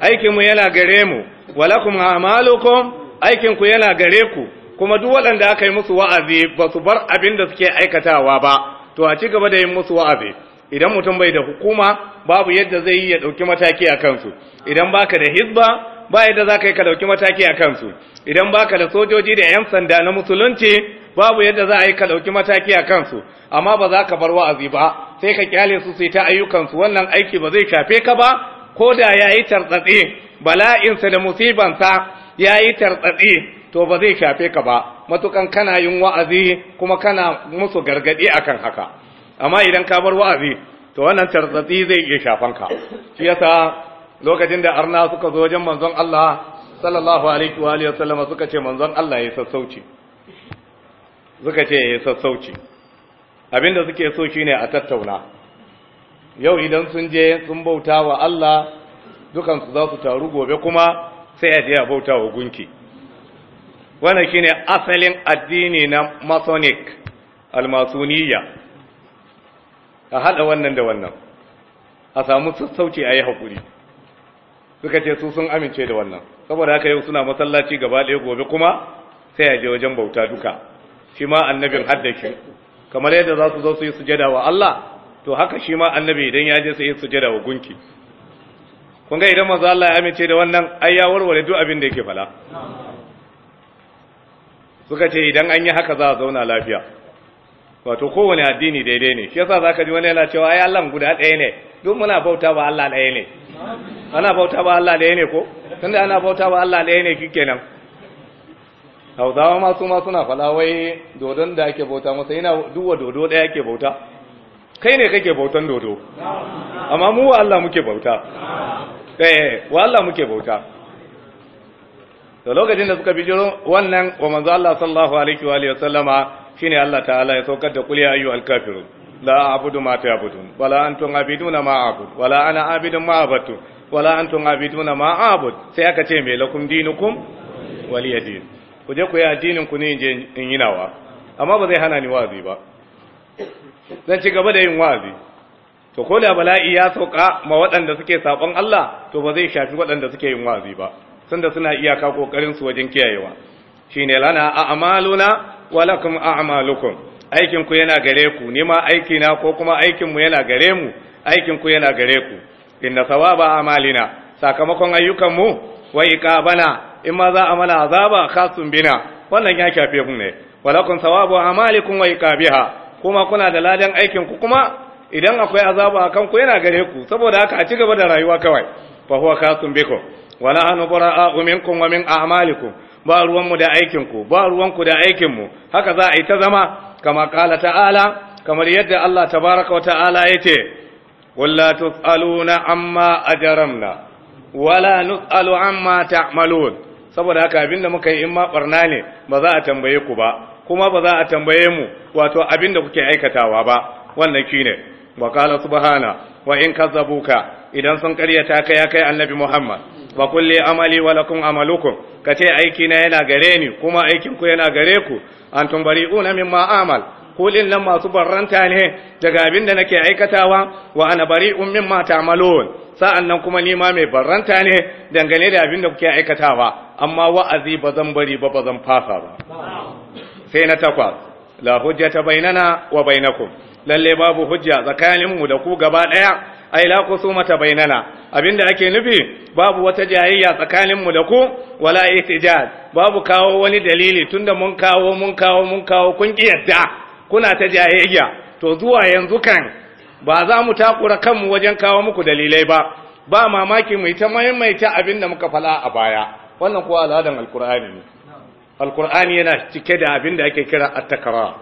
aikin mu yana gare mu walakum a'malukum aikin ku yana gare ku kuma duk waɗanda aka yi musu wa'azi ba su bar abin da suke aikatawa ba to a ci gaba da yin musu wa'azi idan mutum bai da hukuma babu yadda zai yi ya dauki mataki a kansu idan baka da hizba ba yadda za ka yi ka dauki mataki a kansu idan baka da sojoji da 'yan sanda na musulunci babu yadda za a yi ka dauki mataki a kansu amma ba za ka bar wa'azi ba sai ka kyale su sai ta ayyukan su wannan aiki ba zai shafe ka ba ko da yayi tartsatsi bala'in bala'insa da musibansa ya yi tartsatsi to ba zai shafe ka ba matukan kana yin wa'azi kuma kana musu gargadi akan haka amma idan ka bar wa'azi to wannan tartsatsi zai iya shafan ka shi yasa lokacin da arna suka zo wajen manzon Allah sallallahu alaihi wa alihi wasallam suka ce manzon Allah ya sassauci suka ce ya sassauci abinda suke so shine a tattauna yau idan sun je sun bauta wa Allah dukansu za su taru gobe kuma sai a je a bauta wa gunki wannan shine asalin addini na masonic almasuniya a haɗa wannan da wannan a samu sassauci a yi haƙuri suka ce su sun amince da wannan saboda haka yau suna masallaci gaba ɗaya gobe kuma sai a je wajen bauta duka shi ma annabin haddashi kamar yadda za su zo su yi sujada wa Allah to haka shi ma annabi idan ya je sai yi sujada wa gunki kun ga idan manzo Allah ya amince da wannan ai ya warware duk abin da yake fala suka ce idan an yi haka za a zauna lafiya wato kowane addini daidai ne shi yasa zaka ji wani yana cewa ai Allah guda ɗaya ne duk muna bauta ba Allah ɗaya ne ana bauta ba Allah ɗaya ne ko tunda ana bauta ba Allah ɗaya ne kikenan Hausawa ma su ma suna fala wai dodon da ake bauta masa yana duwa dodo ɗaya ake bauta kai ne kake bautan dodo amma mu wa Allah muke bauta eh wa Allah muke bauta da lokacin da suka bijiro wannan wa manzo Allah sallallahu alaihi wa sallama shine Allah ta'ala ya saukar da kulli ya ayyuhal kafirun la a'budu ma ta'budun wala antum abiduna ma a'bud wala ana abidun ma abadtu wala antum abiduna ma a'bud sai aka ce me lakum dinukum waliyadin ku je ku yi addinin ku ne je in yi nawa amma ba zai hana ni wazi ba zan ci gaba da yin wazi to ko da bala'i ya sauka ma waɗanda suke saƙon Allah to ba zai shafi waɗanda suke yin wazi ba tunda suna iyaka kokarin su wajen kiyayewa shine lana a'maluna walakum a'malukum aikin ku yana gare ku Nima ma aiki na ko kuma aikin mu yana gare mu aikin ku yana gare ku inna sawaba amalina sakamakon ayyukan mu wa iqabana in ma za a mana azaba khasun bina wannan ya kafe mu ne walakum sawabu amalikum wa iqabiha kuma kuna da ladan aikin ku kuma idan akwai azaba akan ku yana gare ku saboda haka a ci gaba da rayuwa kawai fa huwa khasun bikum wala anubara'a minkum wa min a'malikum ba ruwanmu da aikinku ba ruwanku da aikinmu haka za a yi ta zama kama kala ta'ala kamar yadda Allah tabaraka wa ta'ala ya ce walla tus'aluna amma ajramna wala nus'alu amma ta'malun saboda haka abinda muka yi in ma barna ne ba za a tambaye ku ba kuma ba za a tambaye mu wato abinda kuke aikatawa ba wannan shine wa qala subhana wa in kazzabuka idan sun karyata ka ya kai annabi Muhammad wa kulli amali wa lakum amalukum kace aiki na yana gare ni kuma aikin ku yana gare ku antum bari'una mimma amal kulin nan masu barranta ne daga abin da nake aikatawa wa ana bari'un mimma ta'malun sa'annan kuma ni ma mai barranta ne dangane da abin da kuke aikatawa amma wa'azi bazan bari ba bazan fasa ba sai na takwas la hujjata bainana wa bainakum lalle babu hujja tsakaninmu da ku gaba daya ai la ta bainana abinda ake nufi babu wata jayayya tsakanin mu da ku wala ihtijaj babu kawo wani dalili tunda mun kawo mun kawo mun kawo kun kiyarda kuna ta jayayya to zuwa yanzu kan ba za mu takura kanmu wajen kawo muku dalilai ba ba mamaki mu ta maimaita abinda muka fala a baya wannan kuwa al'adan alqur'ani ne alqur'ani yana cike da abinda ake kira at-takrar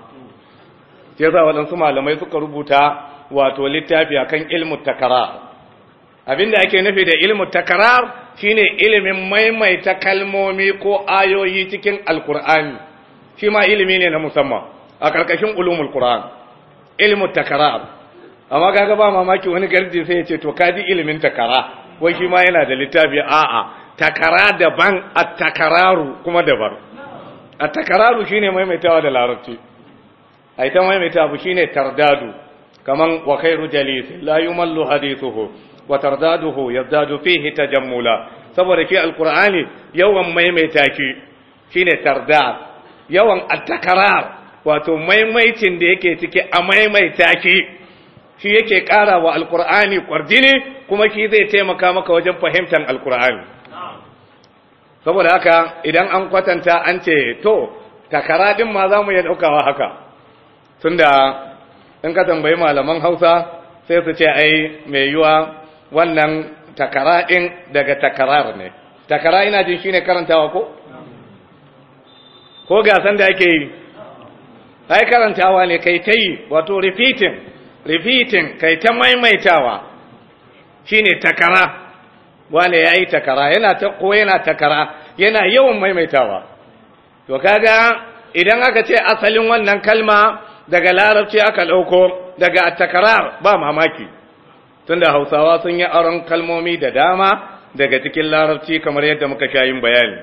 yasa waɗansu malamai suka rubuta wato littafi akan ilmu takarar abinda ake nufi da ilmu takarar shine ilimin maimaita kalmomi ko ayoyi cikin alkur'ani shi ma ilimi ne na musamman a karkashin ulumul qur'an ilmu takarar amma kaga ba mamaki wani garji sai ya ce to kaji ilimin takara wai shi ma yana da littafi a'a takara daban at-takararu kuma daban at-takararu shine maimaitawa da larabci ai ta maimaita shine tardadu kaman wa khairu jalisi la yumallu hadithuhu wa tardaduhu yazdadu saboda shi alkur'ani yawan maimaita ki shine tardad yawan attakarar wato maimaitin da yake cike a maimaita ki shi yake ƙara wa alkur'ani kwardini kuma ki zai taimaka maka wajen fahimtar alkur'ani saboda haka idan an kwatanta an ce to takara din ma za mu iya ɗaukawa haka tunda in ka tambayi malaman hausa sai su ce ai mai yiwa wannan takara'in daga takarar ne takara ina jin ne karantawa ko ko gasan da ake yi ai karantawa ne kai ta yi wato repeating repeating kai ta maimaitawa Shi ne takara wane ya yi takara yana ta ko yana takara yana yawan maimaitawa to kaga idan aka ce asalin wannan kalma daga larabci aka ɗauko daga takara ba mamaki tunda hausawa sun yi aron kalmomi da dama daga cikin larabci kamar yadda muka sha bayani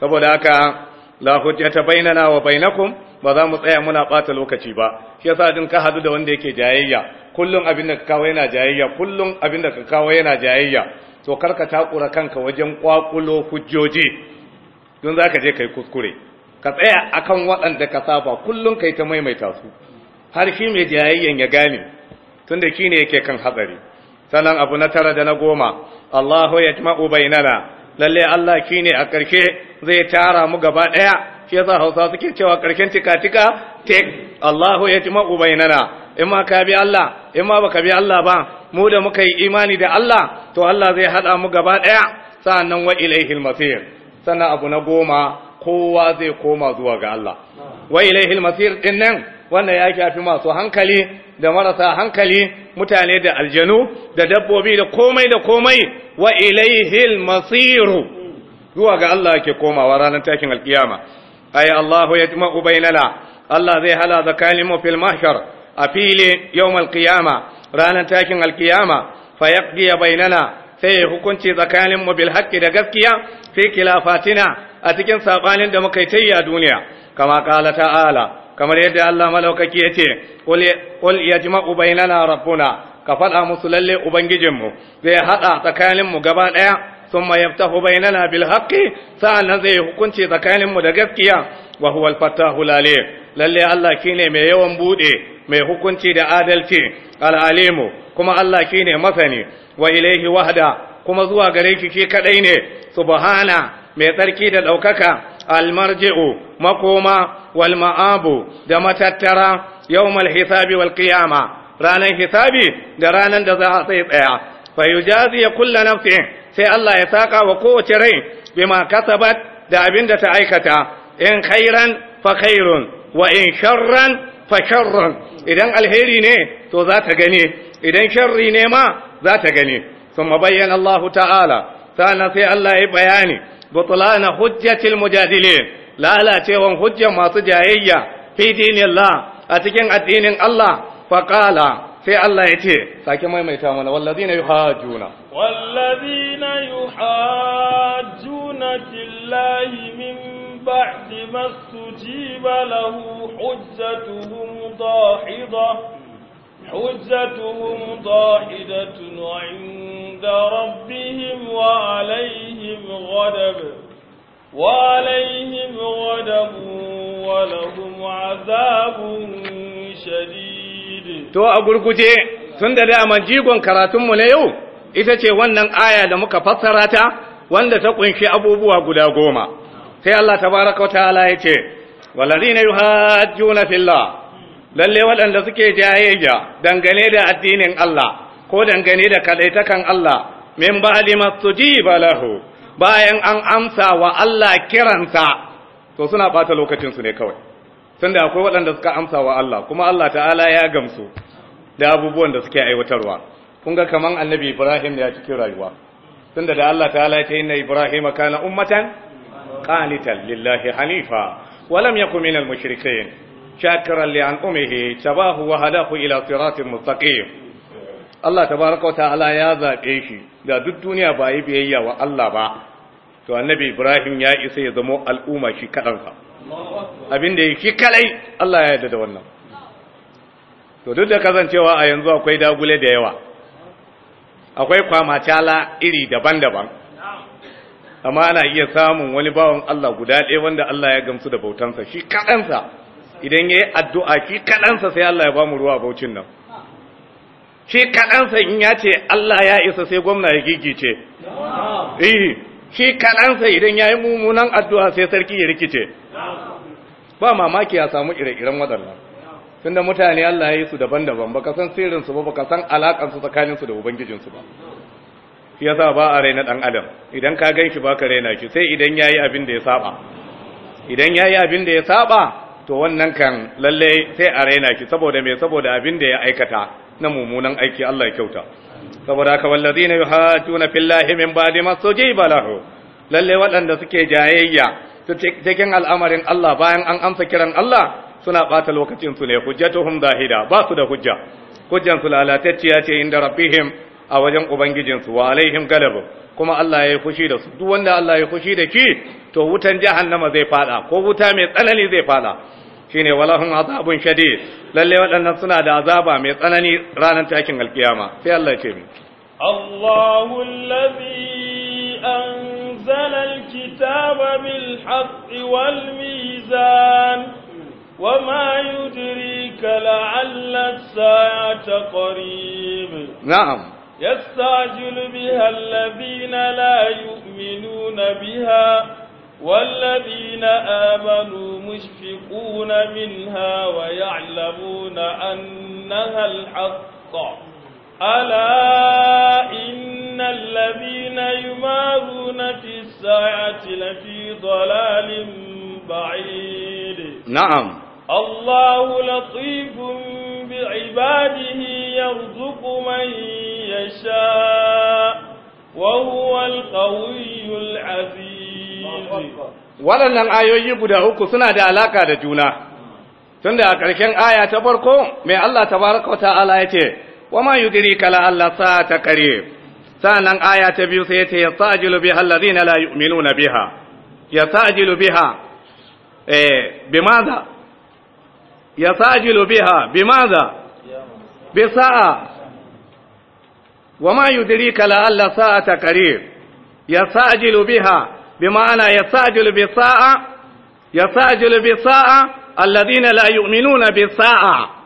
saboda haka la hujjata na wa bainakum ba za mu tsaya muna ɓata lokaci ba shi yasa din ka hadu da wanda yake jayayya kullum abin da ka kawo yana jayayya kullum abin da ka kawo yana jayayya to karka takura kanka wajen kwakulo hujjoji don zaka je kai kuskure ka tsaya akan waɗanda ka saba kullum kai ta maimaita su har shi mai jayayyen ya gane tunda shi yake kan hatsari sannan abu na tara da na goma Allahu ya bainana lalle Allah shi a ƙarshe zai tara mu gaba ɗaya shi yasa Hausa suke cewa karshen cika-cika? tek Allahu ya bainana in ma ka bi Allah in ma baka bi Allah ba mu da muka yi imani da Allah to Allah zai haɗa mu gaba ɗaya sa'annan wa ilaihil masir sannan abu na goma kowa zai koma zuwa ga Allah wa ilaihil masir din nan wannan ya shafi masu hankali da marasa hankali mutane da aljanu da dabbobi da komai da komai wa ilaihil masiru zuwa ga Allah yake komawa ranar takin alkiyama ay Allahu yajma'u bainana Allah zai hala zakalimu fil mahshar a fili yawmal qiyama ranar takin alkiyama fa yaqdi bainana sai hukunci tsakaninmu bil haqqi da gaskiya fi kilafatina a cikin saɓanin da muka yi ta yiya duniya kama kala ta'ala kamar yadda Allah malaukaki ya ce ƙul ya ji ma'ubai na larabuna ka faɗa musu lalle ubangijinmu zai haɗa tsakaninmu gaba ɗaya sun mayar ta hubai na labil haƙƙi sa’an nan zai hukunci tsakaninmu da gaskiya wa huwal fata lalle Allah shi ne mai yawan buɗe mai hukunci da adalci al’alimu kuma Allah shi ne masani wa ilaihi wahda kuma zuwa gare shi shi kaɗai ne subhana mai tsarki da ɗaukaka almarji'u makoma wal ma'abu da matattara yawmal hisabi wal qiyama ranan hisabi da ranan da za a tsaye tsaya fa yujazi ya kulla nafsin sai Allah ya saka wa kowace rai bima kasabat da abin da ta aikata in khairan fa khairun wa in sharran fa sharrun idan alheri ne to za ta gani idan sharri ne ma za ta gani ثم بين الله تعالى Allah في الله بياني بطلان حجة المجادلين لا لا تيوان حجة ما تجاهية في دين الله أتكين الدين الله فقال في الله يتي ساكي ما يميتامنا والذين يحاجون والذين يحاجون في الله من بعد ما استجيب له حجتهم ضاحضة حجتهم ضاحدة عند ربهم وعليهم غضب وعليهم غضب ولهم عذاب شديد تو أقولكوتي tunda da daman jigon karatunmu na yau ita ce wannan aya da muka fassara ta wanda ta kunshi abubuwa guda goma sai Allah tabaraka wa ta'ala ya ce walladhina yuhajjuna fillah lalle waɗanda suke jayayya dangane da addinin Allah ko dangane da kadaitakan Allah min ba'di mastujiba lahu bayan an amsa wa Allah kiransa to suna bata lokacin su ne kawai tunda akwai waɗanda suka amsa wa Allah kuma Allah ta'ala ya gamsu da abubuwan da suke aiwatarwa kun ga kaman annabi Ibrahim ya cikin rayuwa tunda da Allah ta'ala ya ce inna Ibrahim kana ummatan qanitan lillahi hanifa wa lam yakun minal mushrikeen shakiran li an umihi tabahu wa hadahu ila siratin mustaqim Allah tabaraka ta'ala ya zaɓe shi da duk duniya ba yi biyayya wa Allah ba to annabi Ibrahim ya isa ya zamo al'umma shi kadan fa abinda yake kalai Allah ya yarda da wannan to duk da kasancewa a yanzu akwai dagule da yawa akwai kwamatala iri daban-daban amma ana iya samun wani bawan Allah guda ɗaya wanda Allah ya gamsu da bautansa shi kaɗansa idan ya yi addu'a shi kaɗansa sai Allah ya ba mu ruwa a baucin nan shi kaɗansa in ya ce Allah ya isa sai gwamna ya gigice eh shi kaɗansa idan ya yi mummunan addu'a sai sarki ya rikice ba mamaki ya samu ire-iren waɗannan Sun da mutane Allah ya yi su daban-daban baka san sirrinsu ba baka san alaƙansu tsakaninsu da ubangijinsu ba shi sa ba a raina ɗan adam idan ka gan shi ka raina shi, sai idan ya yi abin da ya saba idan ya yi abin da ya saba to wannan kan lalle sai a raina ki saboda me saboda abin da ya aikata na mummunan aiki Allah ya kyauta saboda ka wallazina yuhatuna fillahi min ba'di ma sujiba lahu lalle waɗanda suke jayayya cikin al'amarin Allah bayan an amsa kiran Allah suna bata lokacin su ne hujjatuhum zahida ba su da hujja hujjan su lalatacciya ce inda rabbihim a wajen ubangijinsu wa alaihim galabu kuma Allah ya yi fushi da su duk wanda Allah ya fushi da ki to wutan jahannama zai fada ko wuta mai tsanani zai fada shine walahum azabun shadid lalle waɗannan suna da azaba mai tsanani ranar takin alkiyama sai Allah ya ce mi Allahu allazi anzala alkitaba bil haqqi wal mizan وما يدريك لعل الساعة قريب نعم يستعجل بها الذين لا يؤمنون بها والذين آمنوا مشفقون منها ويعلمون أنها الحق ألا إن الذين يمارون في الساعة لفي ضلال بعيد نعم الله لطيف بعباده يرزق من يشاء وهو القوي العزيز waɗannan ayoyi guda uku suna da alaka da juna tunda a ƙarshen aya ta farko mai Allah tabaraka wa ta'ala yace wama yudrika la alla sa'ata qarib sanan aya ta biyu sai yace yastajilu biha alladhina la yu'minuna biha yastajilu biha eh bimaza يستعجل بها بماذا بساعة وما يدريك لعل ساعة قريب يستعجل بها بمعنى يستعجل بساعة يستعجل بساعة الذين لا يؤمنون بساعة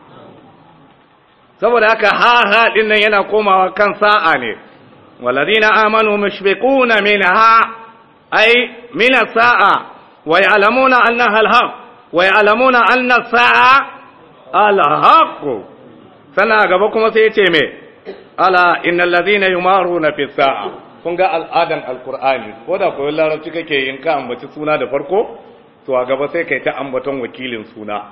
saboda haka ha-ha ɗin nan yana komawa kan sa'a ne waladina amanu mushfiquna min ha ai mina sa'a wa ya'lamuna annaha al-haq wa ya'lamuna anna sa'a al-haqq sana gaba kuma sai yace me ala innal ladhina yumaruna fi sa'a kun ga al'adan alkur'ani ko da koyon larabci kake yin ka ambaci suna da farko to a gaba sai kai ta ambaton wakilin suna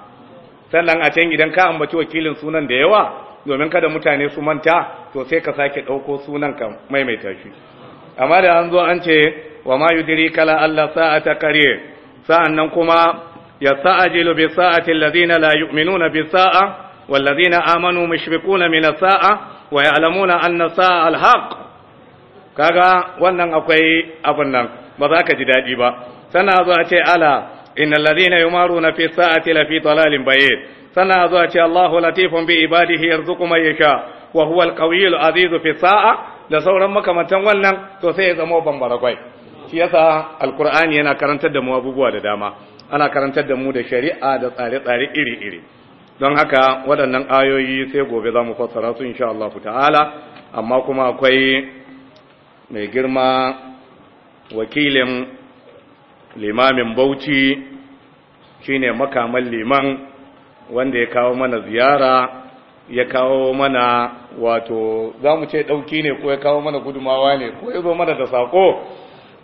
sannan a can idan ka ambaci wakilin sunan da yawa domin kada mutane su manta to sai ka sake ɗauko sunan ka maimaita shi amma da an zo an ce wa ma yudiri kala Allah sa'ata sa'an nan kuma يستعجل بالساعة الذين لا يؤمنون بالساعة والذين آمنوا مشفقون من الساعة ويعلمون أن الساعة الحق kaga wannan akwai abin nan ba za ka ji daɗi ba sana zuwa ce ala inna alladhina yumaruna fi sa'ati la fi dalalin bayid sana zuwa ce Allahu latifan bi ibadihi yarzuqu man yasha wa huwa azizu fisa'a da sauran makamantan wannan sosai ya zama bambara kwai shi yasa alqur'ani yana karantar da mu abubuwa da dama ana karantar da mu da shari'a da tsare-tsare iri-iri don haka waɗannan ayoyi sai gobe za mu fassara su insha Allah ta'ala amma kuma akwai mai girma wakilin limamin bauchi shine makaman liman wanda ya kawo mana ziyara ya kawo mana wato za mu ce ɗauki ne ko ya kawo mana gudumawa ne ko ya zo mana da saƙo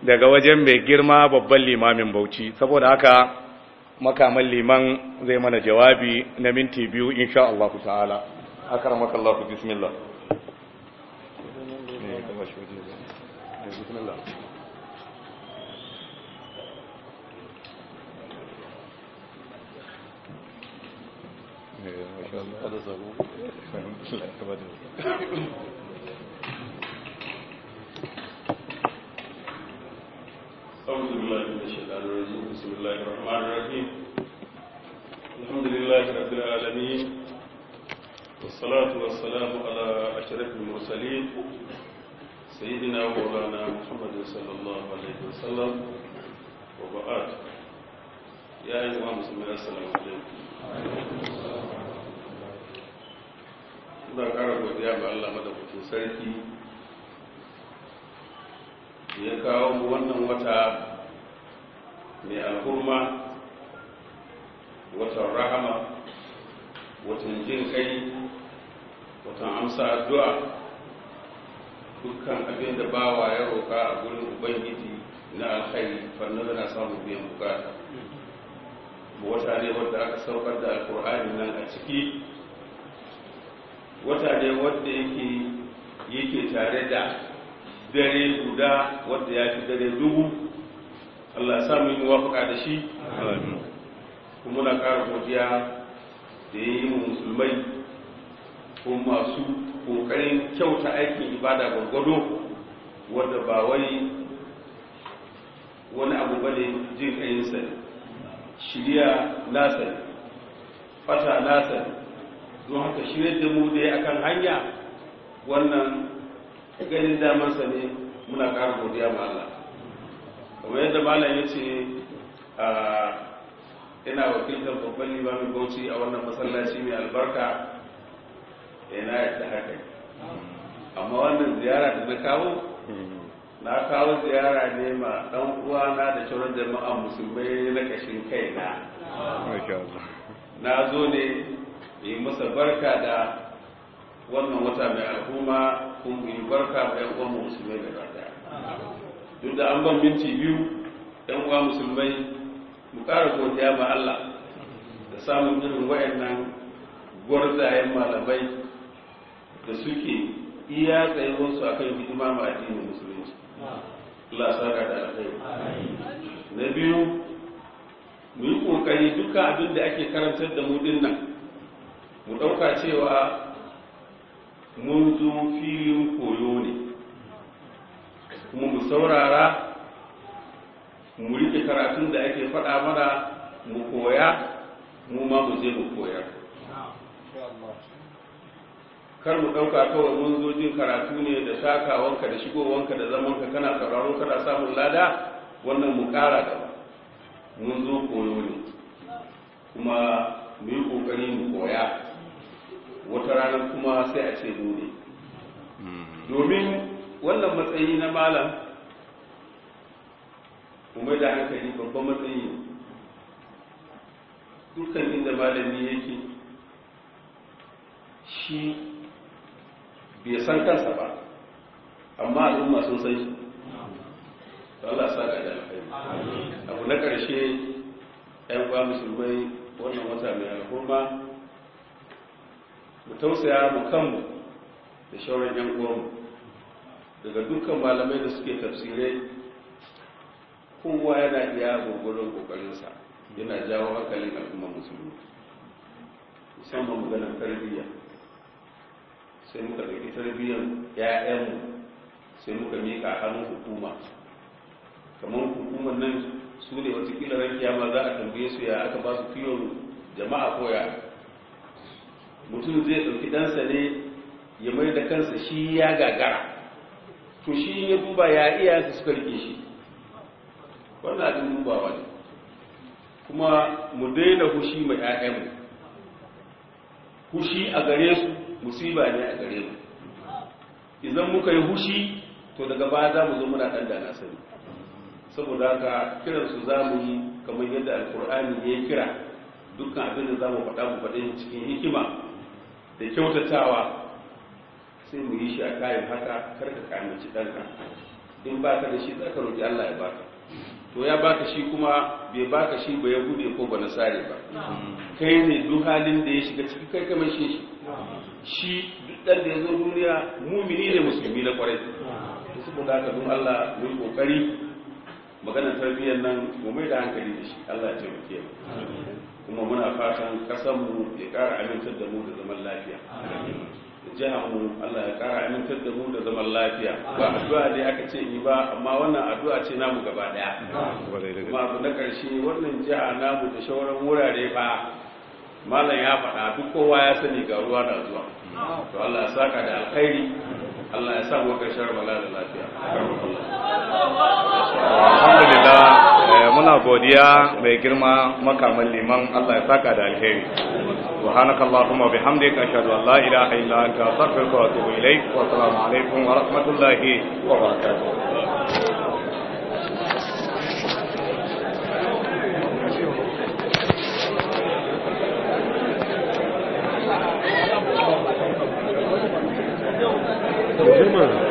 daga wajen mai girma babban limamin bauchi saboda haka makaman liman zai mana jawabi na minti biyu insha Allah ta'ala akramaka eh, Allah bismillah Thank you. أعوذ بالله من الشيطان الرجيم بسم الله الرحمن الرحيم الحمد لله رب العالمين والصلاة والسلام على أشرف المرسلين سيدنا ومولانا محمد صلى الله عليه وسلم وبعد يا أيها المسلمين السلام عليكم Ina ƙara godiya ga Allah madaukakin sarki ya kawo wannan wata mai alhurma watan rahama watan jin kai watan amsa addu'a dukkan abin da wa ya roƙa a gurin ubangiji na alkhairi fannin na samun biyan bukata wata ne wadda aka saukar da alkur'ani nan a ciki wata ne wadda yake tare da dare guda wanda ya fi dare dubu Allah ya samu yi muwafaka da shi kuma na ƙara godiya da ya yi musulmai ko masu ƙoƙarin kyauta aikin ibada gwargwado wanda ba wai wani abu bane jin ƙayinsa ne shirya nasa fata nasa don haka shirya da mu da ya akan hanya wannan ganin sa ne muna ƙara godiya ma Allah kuma yadda malam ya ce ina wakiltar babban limamin bauchi a wannan masallaci mai albarka yana eh, ta haka amma wannan ziyara da na kawo na kawo ziyara ne ma dan uwana da sauran jama'a musulmai na kashin kai na zo ne yi masa barka da wannan wata mai al'umma kun yi barka da yan uwan musulmai da barka duk da an ban minti biyu yan uwa musulmai mu ƙara godiya ma Allah da samun irin wayannan gwarzayen malamai da suke iya tsayuwar su akan hidima ma addinin musulunci Allah saka da alkhairi na biyu mu yi ƙoƙari duka abin da ake karantar da mu dinnan mu ɗauka cewa mun zo filin koyo ne kuma mu saurara mu rike karatun da ake faɗa mana mu koya mu ma mu je mu koyar kar mu ɗauka kawai mun zo jin karatu ne da takawanka da shigowanka da zamanka kana sauraro kana samun lada wannan mu ƙara da mun zo koyo ne kuma mu yi ƙoƙari mu koya wata ranar kuma sai a ce dole hmm. domin wannan matsayi na malam kuma da hankali babban matsayi dukkan inda malami yake shi bai san kansa ba amma al'umma sun san shi Allah sa ga da abu na ƙarshe ‘yan ba musulmai wannan wata mai al'umma mu tausaya mu kanmu da shauran yan uwanmu daga dukkan malamai da suke tafsirai kowa yana iya gurgurin kokarinsa yana jawo hankalin al'umma musulmi musamman maganar tarbiyya sai muka ɗauki tarbiyyar 'ya'yanmu sai muka miƙa hannun hukuma kamar hukumar nan su ne watakila ran kiyama za a tambaye su ya aka ba su kiyon jama'a koya mutum zai ɗauki ɗansa ne ya mai da kansa shi ya gagara to shi ya duba ya iya su suka rike shi wannan abin dubawa ne kuma mu daina hushi mai ‘ya'yanmu hushi a gare su musiba ne a gare mu idan muka yi hushi to daga baya za mu zo muna ɗan da sani saboda haka kiransu za mu yi kamar yadda alkur'ani ya kira dukkan abin da za mu faɗa mu faɗin cikin hikima da kyautatawa sai mu yi shi a kayan haka kar ka kamici ɗanka in ba ka da shi za roƙi Allah ya baka to ya baka shi kuma bai baka shi ba ya gude ko ba na nasare ba kai ne duk halin da ya shiga ciki kai kamar shi shi duk ɗan da ya zo duniya mumini ne musulmi na kwarai da su kuma ka don Allah mun kokari maganar tarbiyyar nan mu mai da hankali da shi Allah ya taimake mu kuma muna fatan mu ya kara amintar da mu da zaman lafiya mu Allah ya ƙara amintar da mu da zaman lafiya ba addu'a ne aka ce ni ba amma wannan addu'a ce namu gaba daya kuma abu na karshe wannan jiha namu da shauran wurare ba malam ya faɗa duk kowa ya sani ga ruwa da zuwa to Allah ya saka da alkhairi Allah ya sa mu ga sharri da lafiya alhamdulillah muna godiya mai girma makamin liman Allah ya saka da alheri subhanaka allahumma bihamdika ashhadu an la ilaha illa anta astaghfiruka wa atubu ilaik wa assalamu alaikum wa rahmatullahi wa barakatuh